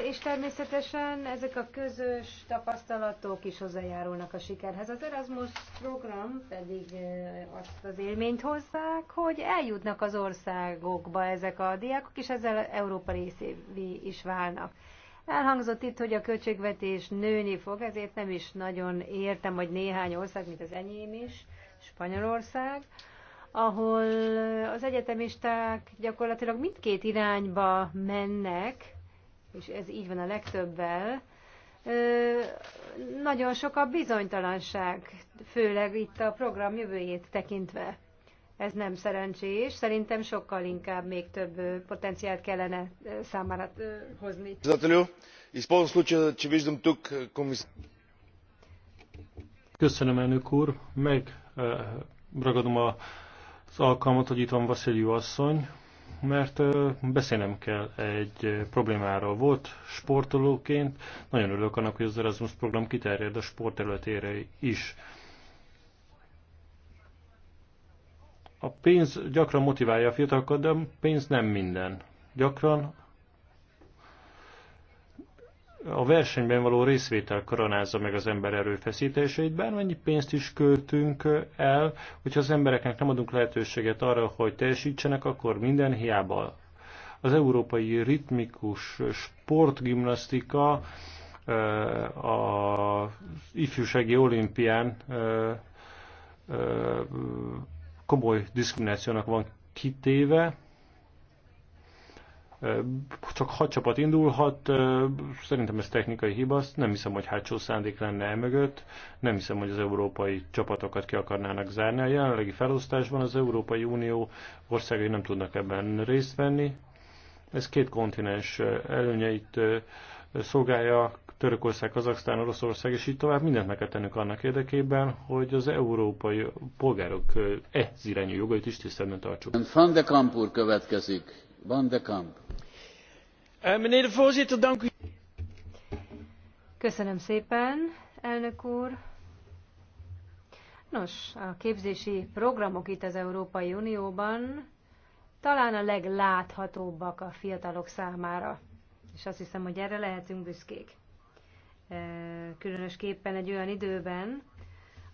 Speaker 4: és természetesen ezek a közös tapasztalatok is hozzájárulnak a sikerhez. Az Erasmus program pedig azt az élményt hozzák, hogy eljutnak az országokba ezek a diákok, és ezzel Európa részévé is válnak. Elhangzott itt, hogy a költségvetés nőni fog, ezért nem is nagyon értem, hogy néhány ország, mint az enyém is, Spanyolország, ahol az egyetemisták gyakorlatilag mindkét irányba mennek, és ez így van a legtöbbel, nagyon sok a bizonytalanság, főleg itt a program jövőjét tekintve. Ez nem szerencsés, szerintem sokkal inkább még több potenciált kellene számára hozni.
Speaker 3: Köszönöm, elnök úr. Megragadom a az alkalmat, hogy itt van Vasilyú asszony, mert beszélnem kell egy problémáról. Volt sportolóként, nagyon örülök annak, hogy az Erasmus program kiterjed a sport területére is. A pénz gyakran motiválja a fiatalokat, de a pénz nem minden. Gyakran a versenyben való részvétel koronázza meg az ember erőfeszítéseit, bármennyi pénzt is költünk el, hogyha az embereknek nem adunk lehetőséget arra, hogy teljesítsenek, akkor minden hiába. Az európai ritmikus sportgimnasztika a ifjúsági olimpián komoly diszkriminációnak van kitéve, csak hat csapat indulhat, szerintem ez technikai hiba, nem hiszem, hogy hátsó szándék lenne el mögött, nem hiszem, hogy az európai csapatokat ki akarnának zárni. A jelenlegi felosztásban az Európai Unió országai nem tudnak ebben részt venni. Ez két kontinens előnyeit szolgálja, Törökország, Kazaksztán, Oroszország és így tovább mindent meg kell tennünk annak érdekében, hogy az európai polgárok ez irányú jogait is tiszteletben tartsuk. Van de Kampur következik. Van de Kamp Eh,
Speaker 4: Köszönöm szépen, elnök úr. Nos, a képzési programok itt az Európai Unióban talán a legláthatóbbak a fiatalok számára, és azt hiszem, hogy erre lehetünk büszkék. Eh, különösképpen egy olyan időben,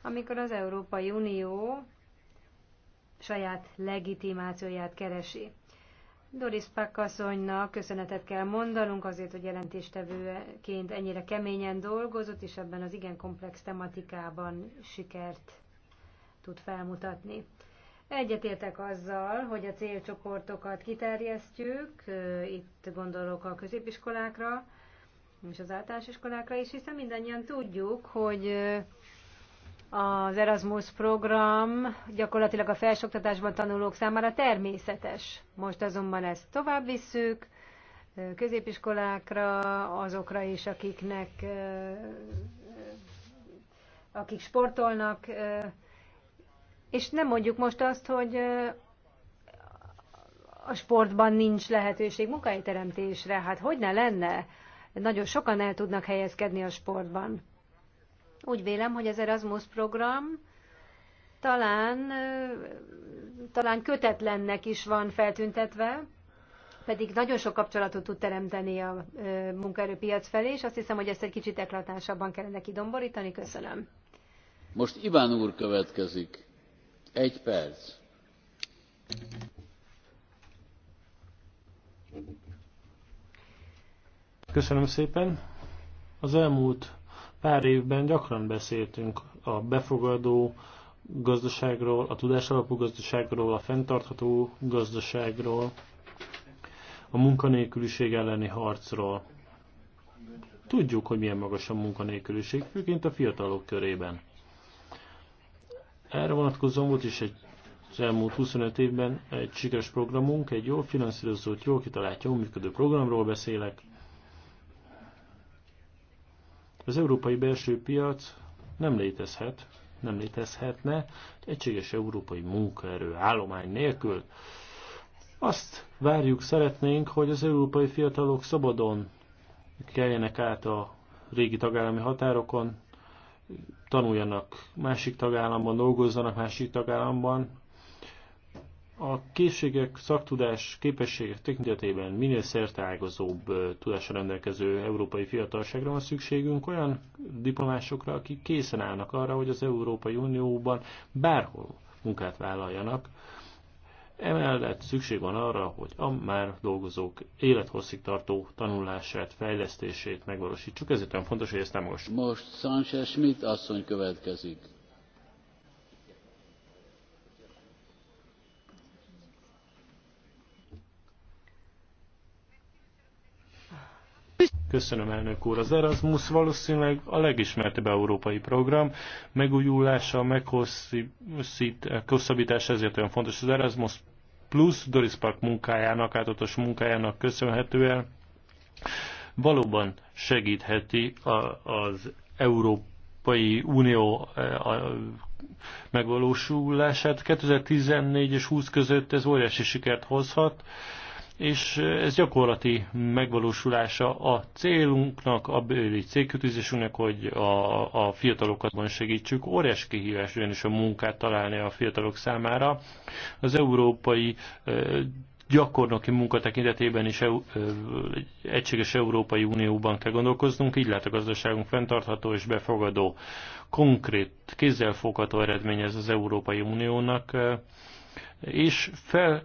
Speaker 4: amikor az Európai Unió saját legitimációját keresi. Doris Pak asszonynak köszönetet kell mondanunk azért, hogy jelentéstevőként ennyire keményen dolgozott, és ebben az igen komplex tematikában sikert tud felmutatni. Egyetértek azzal, hogy a célcsoportokat kiterjesztjük, itt gondolok a középiskolákra és az általános iskolákra is, hiszen mindannyian tudjuk, hogy az Erasmus program gyakorlatilag a felsoktatásban tanulók számára természetes. Most azonban ezt tovább visszük középiskolákra, azokra is, akiknek, akik sportolnak, és nem mondjuk most azt, hogy a sportban nincs lehetőség munkahelyteremtésre. Hát hogy ne lenne? Nagyon sokan el tudnak helyezkedni a sportban. Úgy vélem, hogy az Erasmus program talán, talán kötetlennek is van feltüntetve, pedig nagyon sok kapcsolatot tud teremteni a munkaerőpiac felé, és azt hiszem, hogy ezt egy kicsit eklatánsabban kellene kidomborítani. Köszönöm.
Speaker 2: Most Iván úr következik. Egy perc.
Speaker 3: Köszönöm szépen. Az elmúlt Pár évben gyakran beszéltünk a befogadó gazdaságról, a tudásalapú gazdaságról, a fenntartható gazdaságról, a munkanélküliség elleni harcról. Tudjuk, hogy milyen magas a munkanélküliség, főként a fiatalok körében. Erre vonatkozóan volt is egy az elmúlt 25 évben egy sikeres programunk, egy jól finanszírozott, jól kitalált, jól működő programról beszélek, az európai belső piac nem létezhet, nem létezhetne egységes európai munkaerő állomány nélkül. Azt várjuk, szeretnénk, hogy az európai fiatalok szabadon keljenek át a régi tagállami határokon, tanuljanak másik tagállamban, dolgozzanak másik tagállamban, a készségek, szaktudás, képességek tekintetében minél szerteágazóbb tudásra rendelkező európai fiatalságra van szükségünk, olyan diplomásokra, akik készen állnak arra, hogy az Európai Unióban bárhol munkát vállaljanak. Emellett szükség van arra, hogy a már dolgozók élethosszig tartó tanulását, fejlesztését megvalósítsuk. Ezért olyan fontos, hogy ezt nem Most Sánchez Schmidt asszony következik. Köszönöm, elnök úr. Az Erasmus valószínűleg a legismertebb európai program. Megújulása, meghosszabbítás ezért olyan fontos. Az Erasmus plusz Doris Park munkájának, átadatos munkájának köszönhetően valóban segítheti a, az Európai Unió eh, a, megvalósulását. 2014 és 20 között ez óriási sikert hozhat és ez gyakorlati megvalósulása a célunknak, a bőri célkötőzésünknek, hogy a, a fiatalokatban segítsük. Óriás kihívás ugyanis a munkát találni a fiatalok számára. Az európai gyakornoki munka tekintetében is EU, egységes Európai Unióban kell gondolkoznunk, így lehet a gazdaságunk fenntartható és befogadó. Konkrét, kézzelfogható eredmény ez az Európai Uniónak, és fel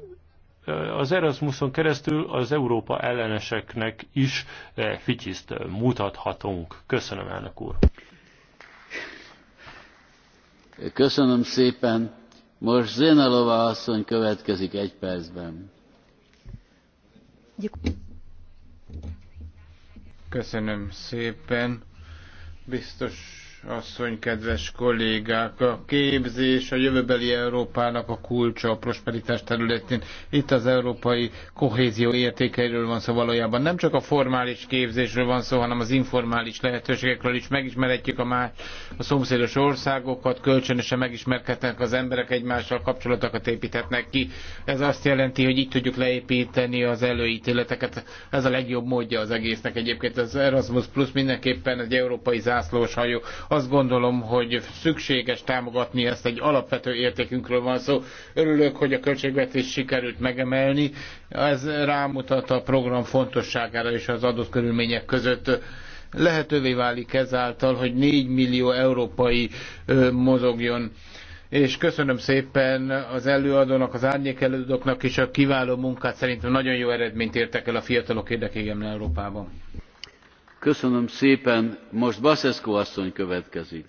Speaker 3: az Erasmuson keresztül az Európa elleneseknek is eh, fityiszt eh, mutathatunk. Köszönöm, elnök úr!
Speaker 2: Köszönöm szépen! Most Zénalova asszony következik egy percben.
Speaker 1: Köszönöm szépen, biztos asszony, kedves kollégák! A képzés a jövőbeli Európának a kulcsa a prosperitás területén. Itt az európai kohézió értékeiről van szó valójában. Nem csak a formális képzésről van szó, hanem az informális lehetőségekről is. Megismerhetjük a, más, a szomszédos országokat, kölcsönösen megismerkednek az emberek egymással, kapcsolatokat építhetnek ki. Ez azt jelenti, hogy így tudjuk leépíteni az előítéleteket. Ez a legjobb módja az egésznek egyébként. Az Erasmus Plus mindenképpen egy európai zászlós hajó azt gondolom, hogy szükséges támogatni ezt, egy alapvető értékünkről van szó. Örülök, hogy a költségvetés sikerült megemelni. Ez rámutat a program fontosságára és az adott körülmények között lehetővé válik ezáltal, hogy 4 millió európai mozogjon. És köszönöm szépen az előadónak, az árnyék előadóknak is a kiváló munkát. Szerintem nagyon jó eredményt értek el a fiatalok érdekében Európában.
Speaker 2: Köszönöm szépen. Most Baszeszko asszony következik.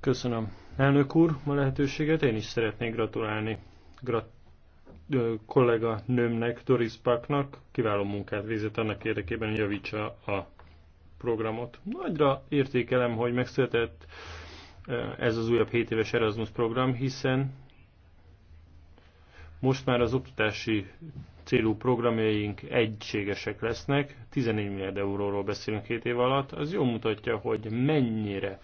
Speaker 3: Köszönöm. Elnök úr, ma lehetőséget én is szeretnék gratulálni. Grat ö, kollega nőmnek, Doris Paknak kiváló munkát végzett annak érdekében, hogy javítsa a programot. Nagyra értékelem, hogy megszületett ez az újabb 7 éves Erasmus program, hiszen most már az oktatási célú programjaink egységesek lesznek, 14 milliárd euróról beszélünk két év alatt, az jól mutatja, hogy mennyire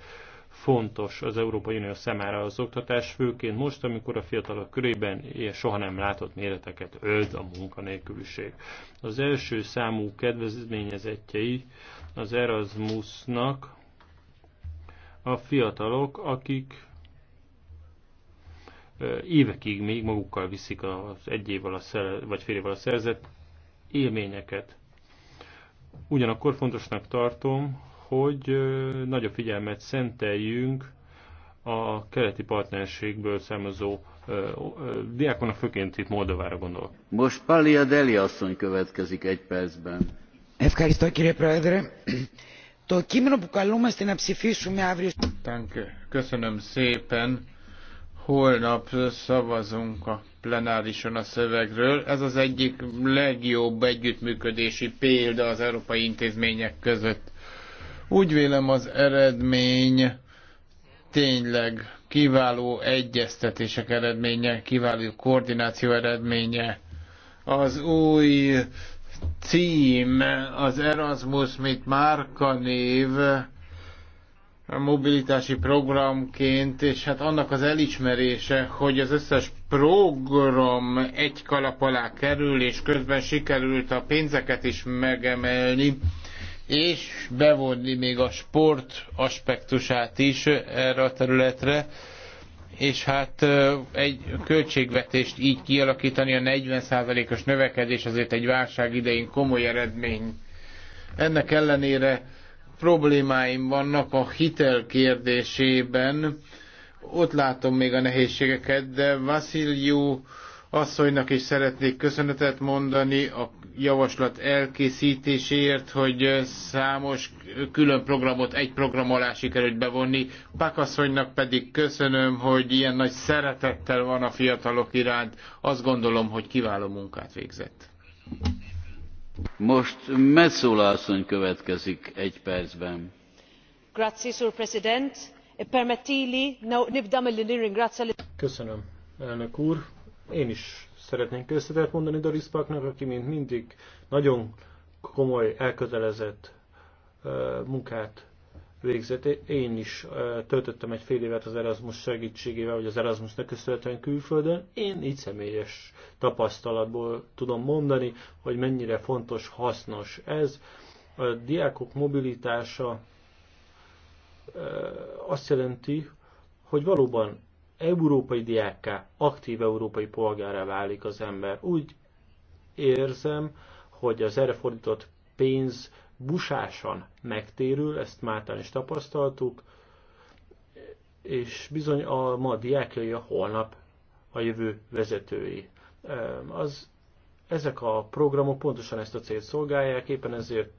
Speaker 3: fontos az Európai Unió számára az oktatás, főként most, amikor a fiatalok körében ilyen soha nem látott méreteket ölt a munkanélküliség. Az első számú kedvezményezettjei az Erasmusnak a fiatalok, akik évekig még magukkal viszik az egy évvel a szere, vagy fél évvel a szerzett élményeket. Ugyanakkor fontosnak tartom, hogy nagyobb figyelmet szenteljünk a keleti partnerségből származó diákonak, főként itt Moldovára gondolok. Most Pallia Deli asszony következik egy percben.
Speaker 5: Ευχαριστώ κύριε Πρόεδρε. Το κείμενο που καλούμε να ψηφίσουμε αύριο...
Speaker 1: Köszönöm szépen holnap szavazunk a plenárison a szövegről. Ez az egyik legjobb együttműködési példa az európai intézmények között. Úgy vélem az eredmény tényleg kiváló egyeztetések eredménye, kiváló koordináció eredménye. Az új cím, az Erasmus, mint márkanév, mobilitási programként, és hát annak az elismerése, hogy az összes program egy kalap alá kerül, és közben sikerült a pénzeket is megemelni, és bevonni még a sport aspektusát is erre a területre, és hát egy költségvetést így kialakítani, a 40%-os növekedés azért egy válság idején komoly eredmény. Ennek ellenére problémáim vannak a hitel kérdésében. Ott látom még a nehézségeket, de Vasziliu asszonynak is szeretnék köszönetet mondani a javaslat elkészítéséért, hogy számos külön programot egy program alá sikerült bevonni. Pakasszonynak pedig köszönöm, hogy ilyen nagy szeretettel van a fiatalok iránt. Azt gondolom, hogy kiváló munkát végzett.
Speaker 2: Most Metzola asszony következik egy
Speaker 3: percben.
Speaker 4: E
Speaker 3: Köszönöm, elnök úr. Én is szeretnék köszönetet mondani Doris Parknak, aki mint mindig nagyon komoly, elkötelezett munkát végzett. Én is töltöttem egy fél évet az Erasmus segítségével, vagy az Erasmusnak köszönhetően külföldön. Én így személyes tapasztalatból tudom mondani, hogy mennyire fontos, hasznos ez. A diákok mobilitása azt jelenti, hogy valóban európai diákká, aktív európai polgárá válik az ember. Úgy érzem, hogy az erre fordított pénz busásan megtérül, ezt Mártán is tapasztaltuk, és bizony a ma diákjai a holnap a jövő vezetői. Ehm, az, ezek a programok pontosan ezt a célt szolgálják, éppen ezért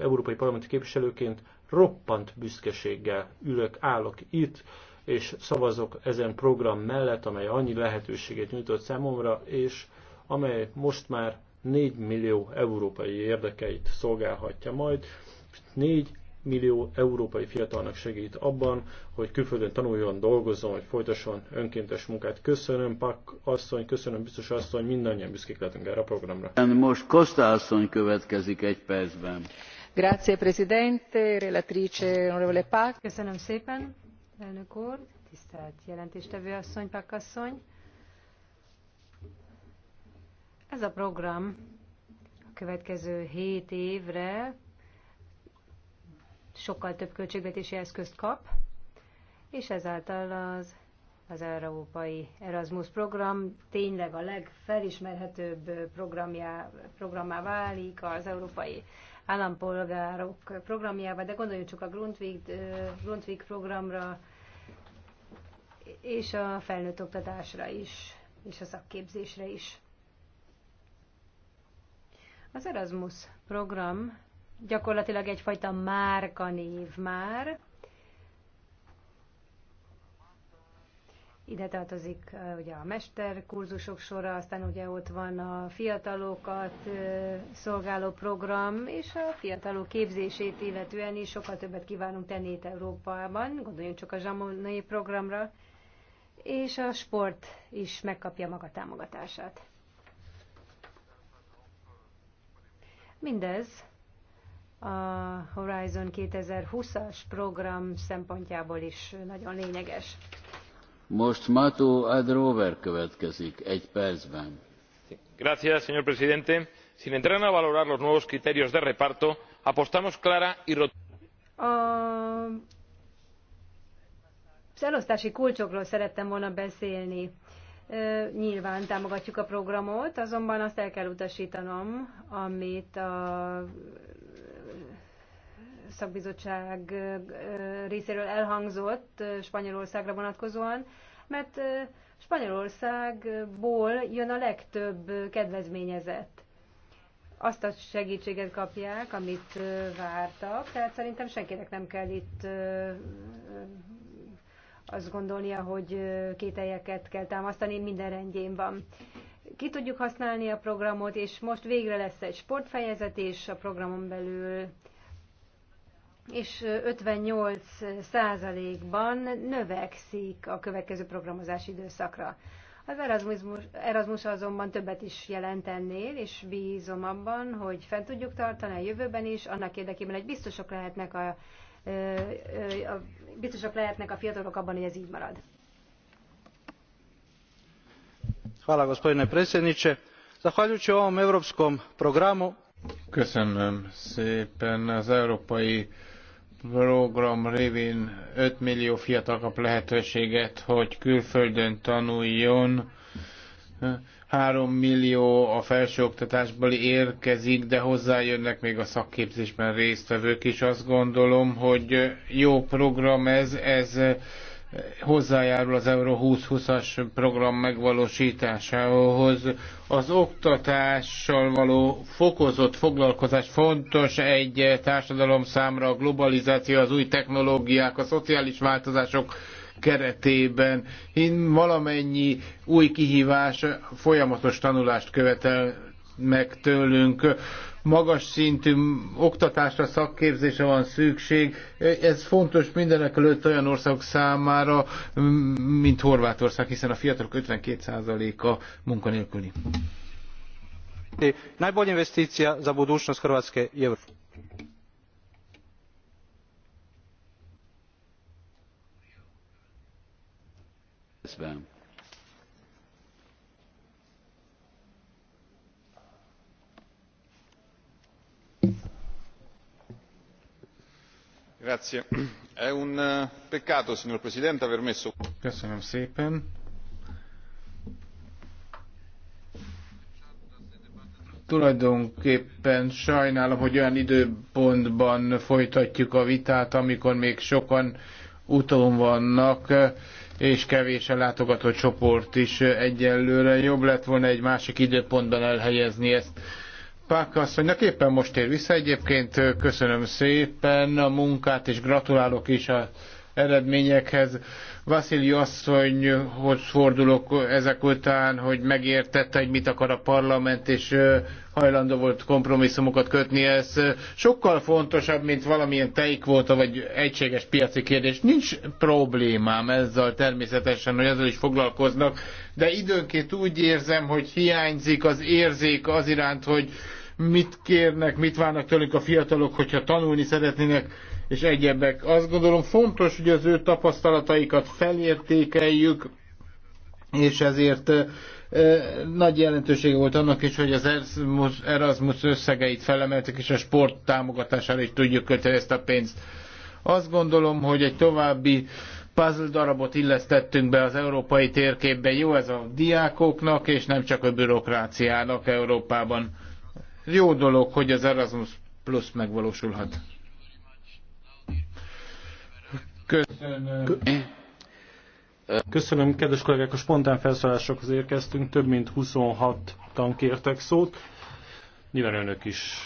Speaker 3: európai parlamenti képviselőként roppant büszkeséggel ülök, állok itt, és szavazok ezen program mellett, amely annyi lehetőséget nyújtott számomra, és amely most már 4 millió európai érdekeit szolgálhatja majd, 4 millió európai fiatalnak segít abban, hogy külföldön tanuljon, dolgozzon, vagy folytasson önkéntes munkát. Köszönöm, Pak asszony, köszönöm, biztos asszony, mindannyian büszkék lehetünk erre a programra.
Speaker 2: Most Kosta asszony következik egy percben.
Speaker 4: Grazie, Presidente, Relatrice, Honorable Pak. Köszönöm szépen, elnök úr, tisztelt jelentéstevő asszony, Pak asszony. Ez a program a következő 7 évre sokkal több költségvetési eszközt kap, és ezáltal az, az Európai Erasmus program tényleg a legfelismerhetőbb programjá, programmá válik az európai állampolgárok programjába, de gondoljunk csak a Grundtvig, Grundtvig programra és a felnőtt oktatásra is, és a szakképzésre is. Az Erasmus program gyakorlatilag egyfajta márkanév már. Ide tartozik ugye a mesterkurzusok sora, aztán ugye ott van a fiatalokat szolgáló program, és a fiatalok képzését illetően is sokkal többet kívánunk tenni itt Európában, gondoljunk csak a Zsamonai programra, és a sport is megkapja maga támogatását. Mindez a Horizon 2020-as program szempontjából is nagyon lényeges.
Speaker 2: Most Mato Adrover következik egy percben.
Speaker 3: Gracias, señor
Speaker 1: presidente. Sin entrar a valorar los nuevos criterios de reparto, apostamos clara y
Speaker 4: a... Az kulcsokról szerettem volna beszélni. Nyilván támogatjuk a programot, azonban azt el kell utasítanom, amit a szakbizottság részéről elhangzott Spanyolországra vonatkozóan, mert Spanyolországból jön a legtöbb kedvezményezett. Azt a segítséget kapják, amit vártak, tehát szerintem senkinek nem kell itt azt gondolnia, hogy kételyeket kell támasztani, minden rendjén van. Ki tudjuk használni a programot, és most végre lesz egy sportfejezet is a programon belül, és 58 százalékban növekszik a következő programozási időszakra. Az Erasmus, Erasmus azonban többet is jelent ennél, és bízom abban, hogy fent tudjuk tartani a jövőben is, annak érdekében, hogy biztosok lehetnek a biztosak lehetnek a fiatalok abban, hogy ez így marad.
Speaker 5: Hvala gospodine predsjedniče. Zahvaljujući ovom programu
Speaker 1: Köszönöm szépen. Az európai program révén 5 millió fiatal kap lehetőséget, hogy külföldön tanuljon, 3 millió a felsőoktatásból érkezik, de hozzájönnek még a szakképzésben résztvevők is. Azt gondolom, hogy jó program ez, ez hozzájárul az Euró 2020-as program megvalósításához. Az oktatással való fokozott foglalkozás fontos egy társadalom számra, a globalizáció, az új technológiák, a szociális változások, keretében. Hinn valamennyi új kihívás folyamatos tanulást követel meg tőlünk. Magas szintű oktatásra, szakképzésre van szükség. Ez fontos mindenek előtt olyan országok számára, mint Horvátország, hiszen a fiatalok 52%-a munkanélküli.
Speaker 5: Najbolja investicija za budućnost Hrvatske je
Speaker 2: Köszönöm.
Speaker 1: È un eh, peccato, signor Presidente, aver messo... Köszönöm szépen. Tulajdonképpen sajnálom, hogy olyan időpontban folytatjuk a vitát, amikor még sokan úton vannak és kevés a látogató csoport is egyelőre. Jobb lett volna egy másik időpontban elhelyezni ezt. Pák asszonynak éppen most ér vissza egyébként. Köszönöm szépen a munkát, és gratulálok is a eredményekhez. Vasili asszonyhoz fordulok ezek után, hogy megértette, hogy mit akar a parlament, és hajlandó volt kompromisszumokat kötni. Ez sokkal fontosabb, mint valamilyen volt, vagy egységes piaci kérdés. Nincs problémám ezzel természetesen, hogy ezzel is foglalkoznak, de időnként úgy érzem, hogy hiányzik az érzék az iránt, hogy mit kérnek, mit várnak tőlünk a fiatalok, hogyha tanulni szeretnének, és egyebek. Azt gondolom fontos, hogy az ő tapasztalataikat felértékeljük, és ezért nagy jelentősége volt annak is, hogy az Erasmus összegeit felemeltek, és a sport támogatására is tudjuk kötni ezt a pénzt. Azt gondolom, hogy egy további puzzle darabot illesztettünk be az európai térképbe. Jó ez a diákoknak, és nem csak a bürokráciának Európában jó dolog, hogy az Erasmus Plus megvalósulhat.
Speaker 3: Köszönöm. Köszönöm, kedves kollégák, a spontán felszólásokhoz érkeztünk. Több mint 26 tan kértek szót. Nyilván önök is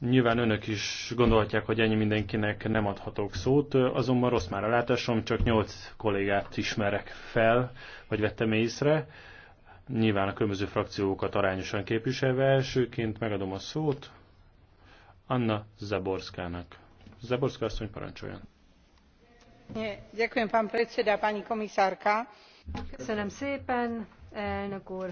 Speaker 3: Nyilván önök is gondolhatják, hogy ennyi mindenkinek nem adhatok szót, azonban rossz már a látásom, csak 8 kollégát ismerek fel, vagy vettem észre nyilván a különböző frakciókat arányosan képviselve. Elsőként megadom a szót Anna Zaborskának. Zaborszka asszony parancsoljon.
Speaker 4: Köszönöm szépen, elnök úr,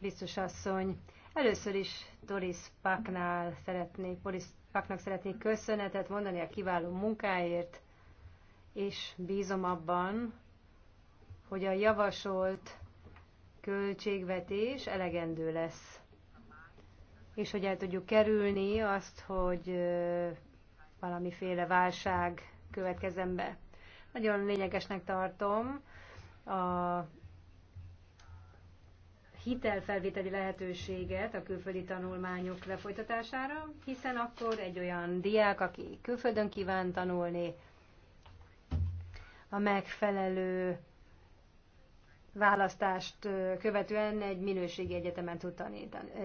Speaker 4: biztos asszony. Először is Doris Paknál szeretnék, Doris Paknak szeretnék köszönetet mondani a kiváló munkáért, és bízom abban, hogy a javasolt költségvetés elegendő lesz. És hogy el tudjuk kerülni azt, hogy valamiféle válság következzen be. Nagyon lényegesnek tartom a hitelfelvételi lehetőséget a külföldi tanulmányok lefolytatására, hiszen akkor egy olyan diák, aki külföldön kíván tanulni, a megfelelő választást követően egy minőségi egyetemen tud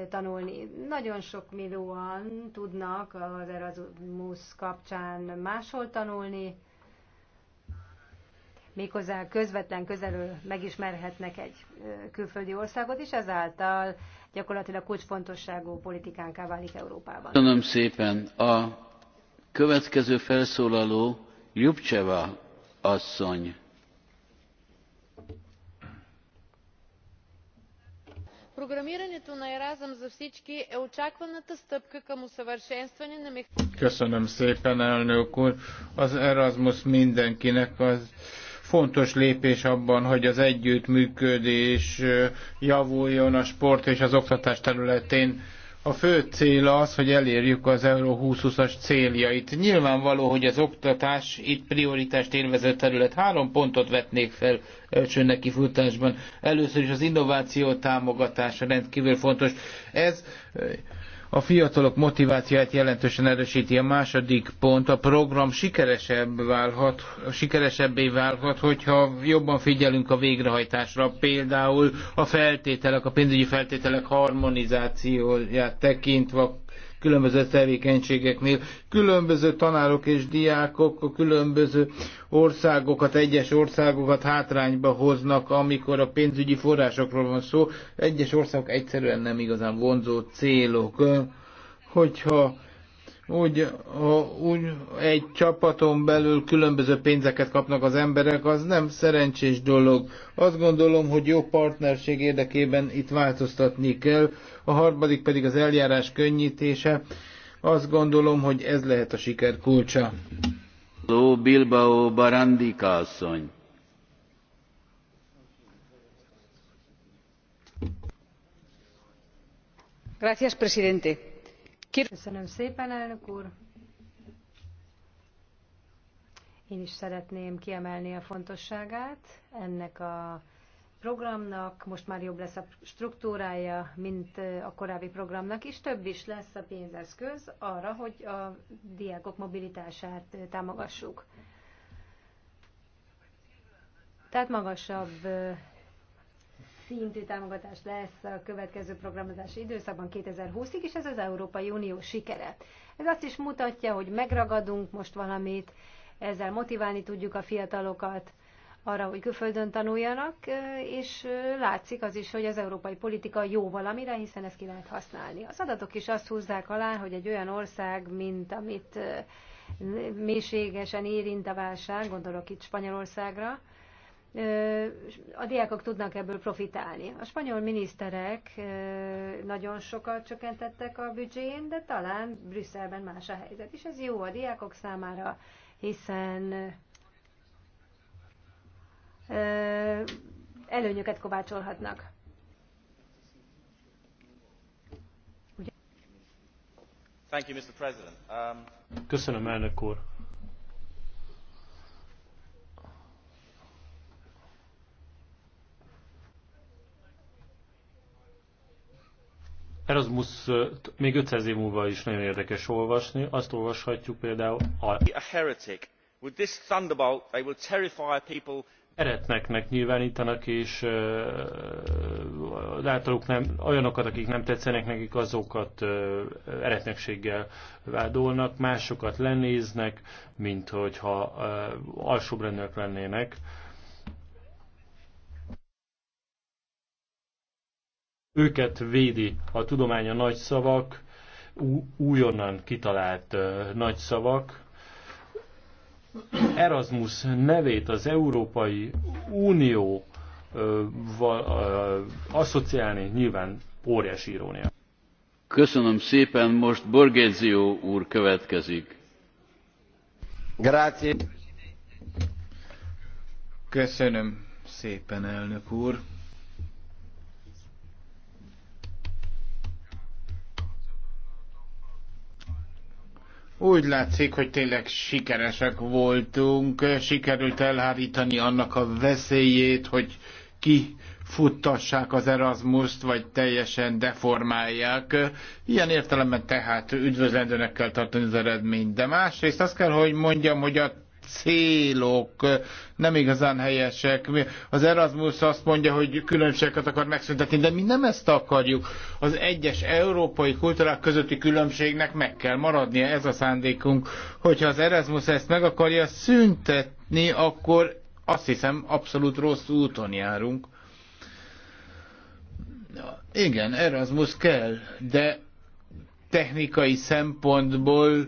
Speaker 4: tanulni. Nagyon sok millióan tudnak az Erasmus kapcsán máshol tanulni, méghozzá közvetlen közelül megismerhetnek egy külföldi országot, és ezáltal gyakorlatilag kulcsfontosságú politikánká válik Európában.
Speaker 2: Köszönöm szépen. A következő felszólaló Ljubcseva asszony.
Speaker 1: Програмирането на Еразъм за всички е очакваната стъпка към усъвършенстване на Köszönöm szépen, elnök úr. Az Erasmus mindenkinek az fontos lépés abban, hogy az együttműködés javuljon a sport és az oktatás területén a fő cél az, hogy elérjük az Euró 2020-as céljait. Nyilvánvaló, hogy az oktatás itt prioritást élvező terület. Három pontot vetnék fel ölcsönnek kifutásban. Először is az innováció támogatása rendkívül fontos. Ez a fiatalok motivációját jelentősen erősíti. A második pont, a program sikeresebb válhat, sikeresebbé válhat, hogyha jobban figyelünk a végrehajtásra, például a feltételek, a pénzügyi feltételek harmonizációját tekintve, különböző tevékenységeknél. Különböző tanárok és diákok a különböző országokat, egyes országokat hátrányba hoznak, amikor a pénzügyi forrásokról van szó. Egyes országok egyszerűen nem igazán vonzó célok. Hogyha úgy, ha úgy egy csapaton belül különböző pénzeket kapnak az emberek, az nem szerencsés dolog. Azt gondolom, hogy jó partnerség érdekében itt változtatni kell a harmadik pedig az eljárás könnyítése. Azt gondolom, hogy ez lehet a siker kulcsa.
Speaker 2: Ló Bilbao Barandika asszony.
Speaker 4: Gracias, presidente. Köszönöm szépen, elnök úr. Én is szeretném kiemelni a fontosságát ennek a programnak, most már jobb lesz a struktúrája, mint a korábbi programnak, és több is lesz a pénzeszköz arra, hogy a diákok mobilitását támogassuk. Tehát magasabb szintű támogatás lesz a következő programozási időszakban 2020-ig, és ez az Európai Unió sikere. Ez azt is mutatja, hogy megragadunk most valamit, ezzel motiválni tudjuk a fiatalokat, arra, hogy külföldön tanuljanak, és látszik az is, hogy az európai politika jó valamire, hiszen ezt ki lehet használni. Az adatok is azt húzzák alá, hogy egy olyan ország, mint amit mélységesen érint a válság, gondolok itt Spanyolországra, a diákok tudnak ebből profitálni. A spanyol miniszterek nagyon sokat csökkentettek a büdzsén, de talán Brüsszelben más a helyzet, és ez jó a diákok számára, hiszen előnyöket kovácsolhatnak.
Speaker 2: Thank you, Mr. President. Um,
Speaker 3: Köszönöm, elnök úr. Erasmus még 500 év múlva is nagyon érdekes olvasni. Azt olvashatjuk például a...
Speaker 2: A heretic. With this thunderbolt they will terrify people
Speaker 3: eretneknek nyilvánítanak, és uh, általuk nem, olyanokat, akik nem tetszenek nekik, azokat eretnekséggel vádolnak, másokat lenéznek, mint hogyha alsóbb alsóbbrendűek lennének. Őket védi a tudománya nagy szavak, újonnan kitalált nagy szavak, Erasmus nevét az Európai Unió asszociálni nyilván óriási irónia.
Speaker 2: Köszönöm szépen, most Borgézió úr következik.
Speaker 1: Grazie. Köszönöm szépen, elnök úr. Úgy látszik, hogy tényleg sikeresek voltunk, sikerült elhárítani annak a veszélyét, hogy ki futtassák az Erasmus-t, vagy teljesen deformálják. Ilyen értelemben tehát üdvözlendőnek kell tartani az eredményt. De másrészt azt kell, hogy mondjam, hogy a célok nem igazán helyesek. Az Erasmus azt mondja, hogy különbségeket akar megszüntetni, de mi nem ezt akarjuk. Az egyes európai kultúrák közötti különbségnek meg kell maradnia, ez a szándékunk. Hogyha az Erasmus ezt meg akarja szüntetni, akkor azt hiszem abszolút rossz úton járunk. Igen, Erasmus kell, de technikai szempontból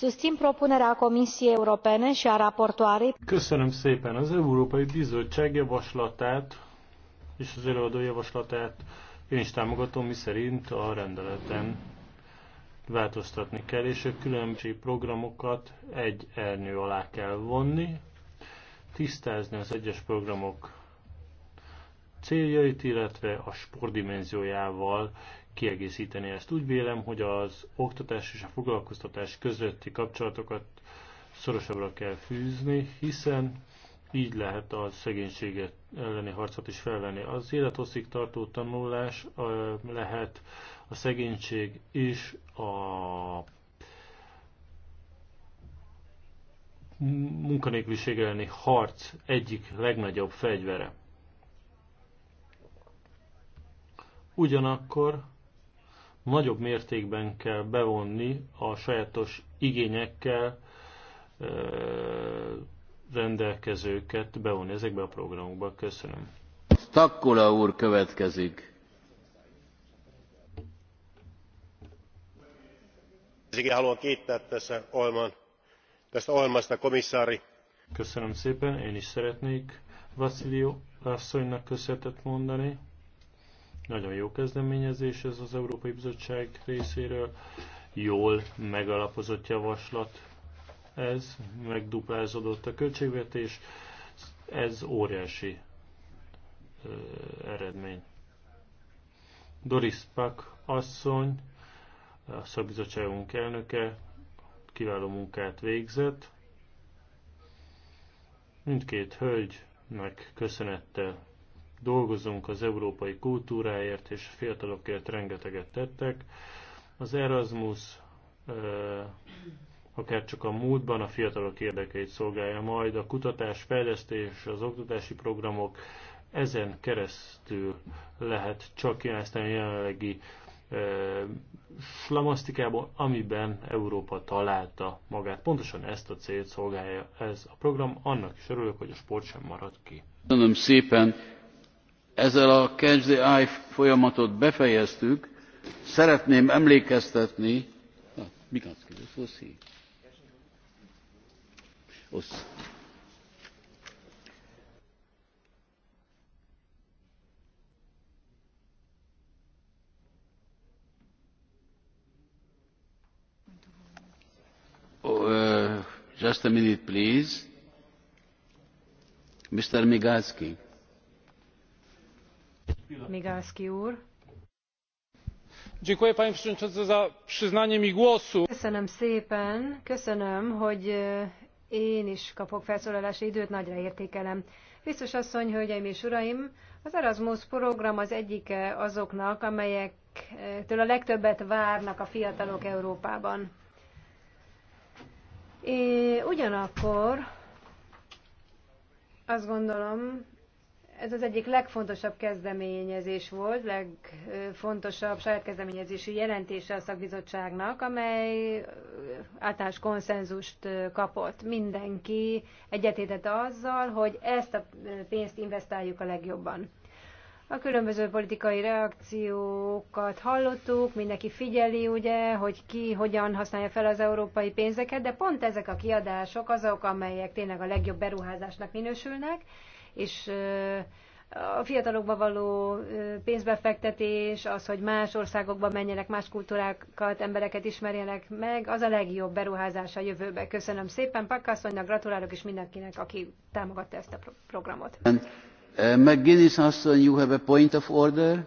Speaker 4: Susțin propunerea Comisiei Europene și a raportoarei.
Speaker 3: Köszönöm szépen az Európai Bizottság javaslatát és az előadó javaslatát én is támogatom, miszerint a rendeleten változtatni kell, és a különböző programokat egy ernyő alá kell vonni, tisztázni az egyes programok céljait, illetve a sportdimenziójával kiegészíteni ezt. Úgy vélem, hogy az oktatás és a foglalkoztatás közötti kapcsolatokat szorosabbra kell fűzni, hiszen így lehet a szegénységet elleni harcot is felvenni. Az élethosszig tartó tanulás lehet a szegénység és a munkanélküliség elleni harc egyik legnagyobb fegyvere. Ugyanakkor nagyobb mértékben kell bevonni a sajátos igényekkel rendelkezőket bevonni ezekbe a programokba. Köszönöm.
Speaker 2: Takkula úr következik.
Speaker 3: haluan kiittää tässä Olman, tästä Olmasta komissaari. Köszönöm szépen, én is szeretnék Vasilio asszonynak köszönetet mondani. Nagyon jó kezdeményezés ez az Európai Bizottság részéről. Jól megalapozott javaslat ez, megduplázódott a költségvetés, ez óriási ö, eredmény. Doris Pak asszony, a szakbizottságunk elnöke, kiváló munkát végzett. Mindkét hölgynek köszönettel dolgozunk az európai kultúráért, és fiatalokért rengeteget tettek. Az Erasmus akár csak a múltban a fiatalok érdekeit szolgálja majd, a kutatás, fejlesztés, az oktatási programok ezen keresztül lehet csak kihasználni a jelenlegi slamasztikában, amiben Európa találta magát. Pontosan ezt a célt szolgálja ez a program, annak is örülök, hogy a sport sem marad ki.
Speaker 2: Köszönöm szépen, ezzel a catch the eye folyamatot befejeztük szeretném emlékeztetni oh, uh, just a minute please mr migalski
Speaker 4: Köszönöm szépen, köszönöm, hogy eh, én is kapok felszólalási időt, nagyra értékelem. Biztos asszony, hölgyeim és uraim, az Erasmus program az egyike azoknak, amelyektől a legtöbbet várnak a fiatalok Európában. É, ugyanakkor azt gondolom, ez az egyik legfontosabb kezdeményezés volt, legfontosabb saját kezdeményezési jelentése a szakbizottságnak, amely általános konszenzust kapott. Mindenki egyetétett azzal, hogy ezt a pénzt investáljuk a legjobban. A különböző politikai reakciókat hallottuk, mindenki figyeli, ugye, hogy ki hogyan használja fel az európai pénzeket, de pont ezek a kiadások azok, amelyek tényleg a legjobb beruházásnak minősülnek, és a fiatalokba való pénzbefektetés, az, hogy más országokba menjenek, más kultúrákat, embereket ismerjenek meg, az a legjobb beruházás a jövőbe. Köszönöm szépen Pakkasszonynak, gratulálok is mindenkinek, aki támogatta ezt a programot.
Speaker 2: Uh, McGuinness asszony, you have a point of order.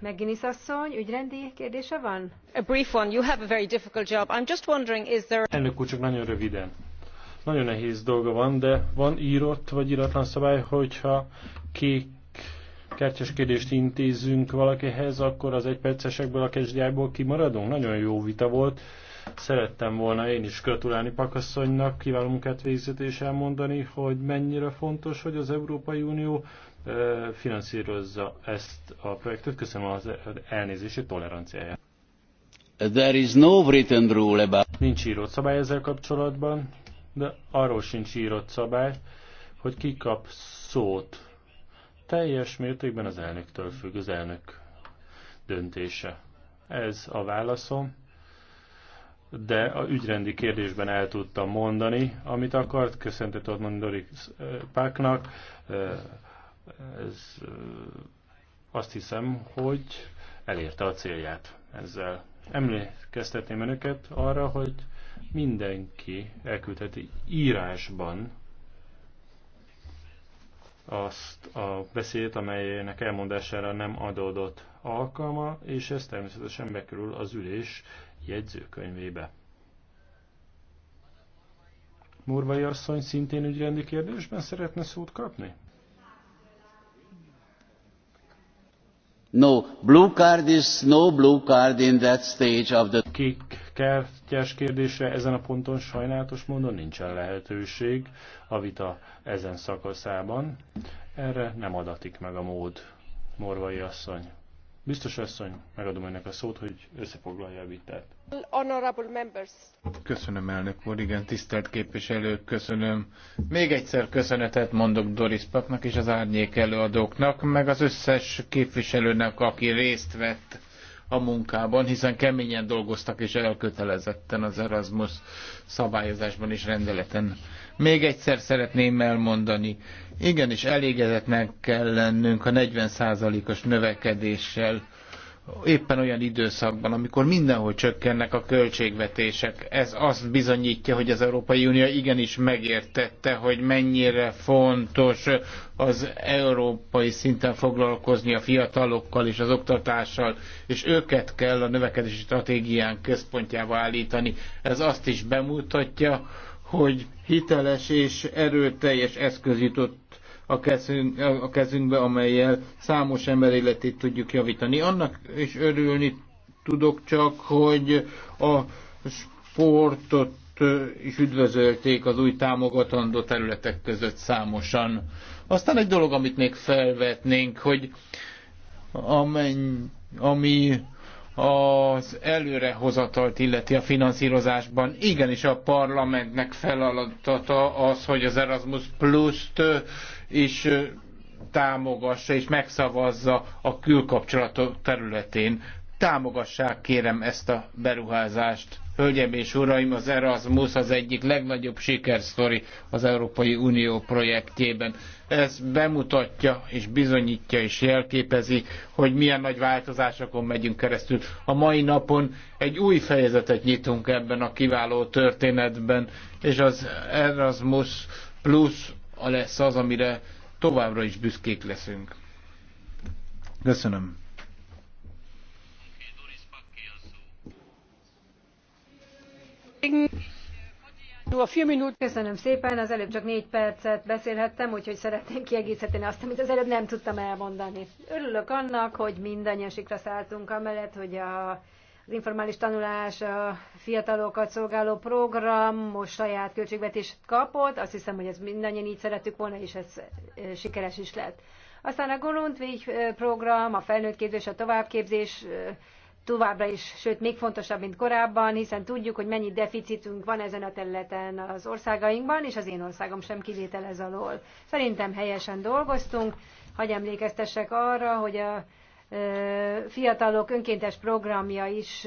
Speaker 4: McGuinness asszony, ügyrendi kérdése van? A brief one. You have a very difficult job. I'm just wondering, is there...
Speaker 3: Elnök úr, csak nagyon röviden nagyon nehéz dolga van, de van írott vagy íratlan szabály, hogyha kék kertyeskedést kérdést intézünk valakihez, akkor az egypercesekből a kezdjájból kimaradunk. Nagyon jó vita volt. Szerettem volna én is gratulálni Pakasszonynak, kiváló munkát végzett és elmondani, hogy mennyire fontos, hogy az Európai Unió finanszírozza ezt a projektet. Köszönöm az elnézési toleranciáját. There is no written rule about... Nincs írott szabály ezzel kapcsolatban de arról sincs írott szabály, hogy ki kap szót. Teljes mértékben az elnöktől függ, az elnök döntése. Ez a válaszom, de a ügyrendi kérdésben el tudtam mondani, amit akart. Köszöntet mondani Doris eh, Páknak. Eh, ez, eh, azt hiszem, hogy elérte a célját ezzel. Emlékeztetném önöket arra, hogy mindenki elküldheti írásban azt a beszédet, amelynek elmondására nem adódott alkalma, és ez természetesen bekerül az ülés jegyzőkönyvébe. Murvai asszony szintén ügyrendi kérdésben szeretne szót kapni?
Speaker 2: No, blue card is no
Speaker 3: blue card in that stage of the... Kék kártyás kérdésre ezen a ponton sajnálatos módon nincsen lehetőség a vita ezen szakaszában. Erre nem adatik meg a mód, Morvai asszony. Biztos asszony, megadom önnek a szót, hogy összefoglalja a vitát.
Speaker 4: Honorable members.
Speaker 1: Köszönöm, elnök úr, igen, tisztelt képviselők, köszönöm. Még egyszer köszönetet mondok Doris Papnak és az árnyék előadóknak, meg az összes képviselőnek, aki részt vett a munkában, hiszen keményen dolgoztak és elkötelezetten az Erasmus szabályozásban és rendeleten. Még egyszer szeretném elmondani, igenis elégedetnek kell lennünk a 40%-os növekedéssel, éppen olyan időszakban, amikor mindenhol csökkennek a költségvetések. Ez azt bizonyítja, hogy az Európai Unió igenis megértette, hogy mennyire fontos az európai szinten foglalkozni a fiatalokkal és az oktatással, és őket kell a növekedési stratégián központjába állítani. Ez azt is bemutatja, hogy hiteles és erőteljes eszköz jutott a, kezünk, a kezünkbe, amelyel számos ember életét tudjuk javítani. Annak is örülni tudok csak, hogy a sportot is üdvözölték az új támogatandó területek között számosan. Aztán egy dolog, amit még felvetnénk, hogy amennyi, ami az előrehozatalt illeti a finanszírozásban. Igenis a parlamentnek feladata az, hogy az Erasmus Plus-t is támogassa és megszavazza a külkapcsolatok területén támogassák kérem ezt a beruházást. Hölgyeim és uraim, az Erasmus az egyik legnagyobb sikersztori az Európai Unió projektjében. Ez bemutatja és bizonyítja és jelképezi, hogy milyen nagy változásokon megyünk keresztül. A mai napon egy új fejezetet nyitunk ebben a kiváló történetben, és az Erasmus plusz lesz az, amire továbbra is büszkék leszünk. Köszönöm.
Speaker 4: szépen, az előbb csak négy percet beszélhettem, úgyhogy szeretném kiegészíteni azt, amit az előbb nem tudtam elmondani. Örülök annak, hogy mindannyian sikra szálltunk amellett, hogy a, az informális tanulás a fiatalokat szolgáló program most saját költségvetést kapott. Azt hiszem, hogy ez mindannyian így szerettük volna, és ez sikeres is lett. Aztán a Grundtvig program, a felnőtt képzés, a továbbképzés továbbra is, sőt még fontosabb, mint korábban, hiszen tudjuk, hogy mennyi deficitünk van ezen a területen az országainkban, és az én országom sem kivétel ez alól. Szerintem helyesen dolgoztunk, hagy emlékeztessek arra, hogy a fiatalok önkéntes programja is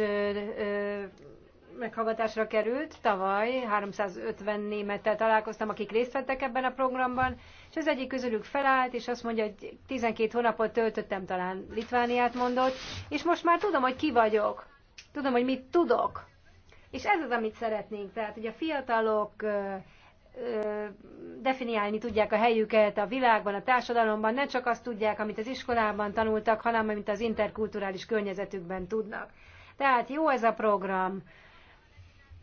Speaker 4: meghallgatásra került. Tavaly 350 némettel találkoztam, akik részt vettek ebben a programban, és az egyik közülük felállt, és azt mondja, hogy 12 hónapot töltöttem, talán Litvániát mondott, és most már tudom, hogy ki vagyok. Tudom, hogy mit tudok. És ez az, amit szeretnénk. Tehát, hogy a fiatalok definiálni tudják a helyüket a világban, a társadalomban, ne csak azt tudják, amit az iskolában tanultak, hanem amit az interkulturális környezetükben tudnak. Tehát jó ez a program,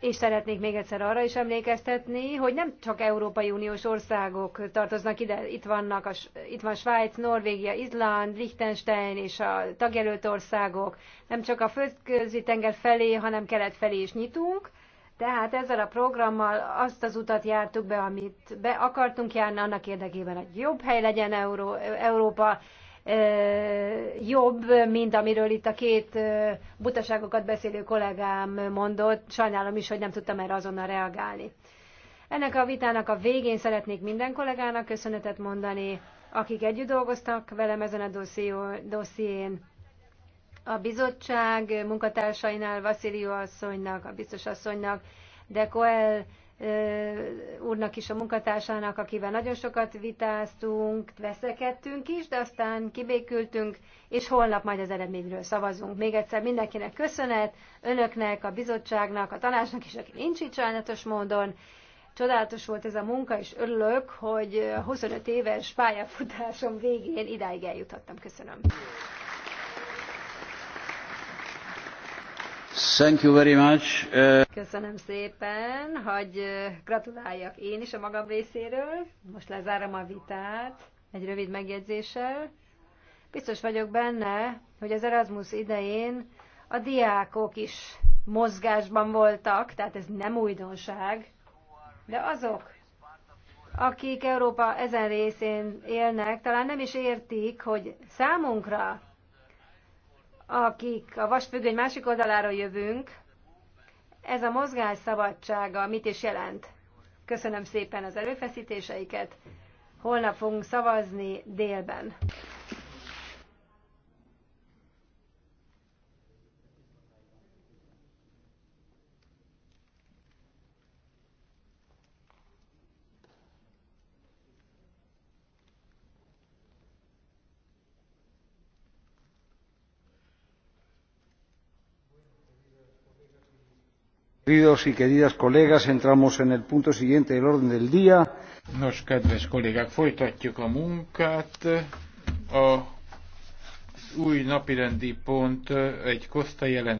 Speaker 4: és szeretnék még egyszer arra is emlékeztetni, hogy nem csak Európai Uniós országok tartoznak ide, itt, vannak a, itt van Svájc, Norvégia, Izland, Liechtenstein és a tagjelölt országok. Nem csak a földközi tenger felé, hanem kelet felé is nyitunk. Tehát ezzel a programmal azt az utat jártuk be, amit be akartunk járni, annak érdekében, hogy jobb hely legyen Euró- Európa, jobb, mint amiről itt a két butaságokat beszélő kollégám mondott. Sajnálom is, hogy nem tudtam erre azonnal reagálni. Ennek a vitának a végén szeretnék minden kollégának köszönetet mondani, akik együtt dolgoztak velem ezen a dosszién. A bizottság munkatársainál, Vaszilió asszonynak, a biztos asszonynak, de Koel úrnak is, a munkatársának, akivel nagyon sokat vitáztunk, veszekedtünk is, de aztán kibékültünk, és holnap majd az eredményről szavazunk. Még egyszer mindenkinek köszönet, önöknek, a bizottságnak, a tanácsnak is, aki nincs itt sajnálatos módon. Csodálatos volt ez a munka, és örülök, hogy 25 éves pályafutásom végén idáig eljuthattam. Köszönöm.
Speaker 2: Thank you very much. Uh...
Speaker 4: Köszönöm szépen, hogy uh, gratuláljak én is a magam részéről. Most lezárom a vitát egy rövid megjegyzéssel. Biztos vagyok benne, hogy az Erasmus idején a diákok is mozgásban voltak, tehát ez nem újdonság, de azok, akik Európa ezen részén élnek, talán nem is értik, hogy számunkra akik a vasfüggöny másik oldaláról jövünk, ez a mozgás szabadsága mit is jelent? Köszönöm szépen az előfeszítéseiket, Holnap fogunk szavazni délben.
Speaker 5: Queridos y queridas colegas, entramos en el punto siguiente del orden del día.
Speaker 1: Nos, kedves kollégák, folytatjuk a munkát. A új napirendi pont eh, egy Costa jelent.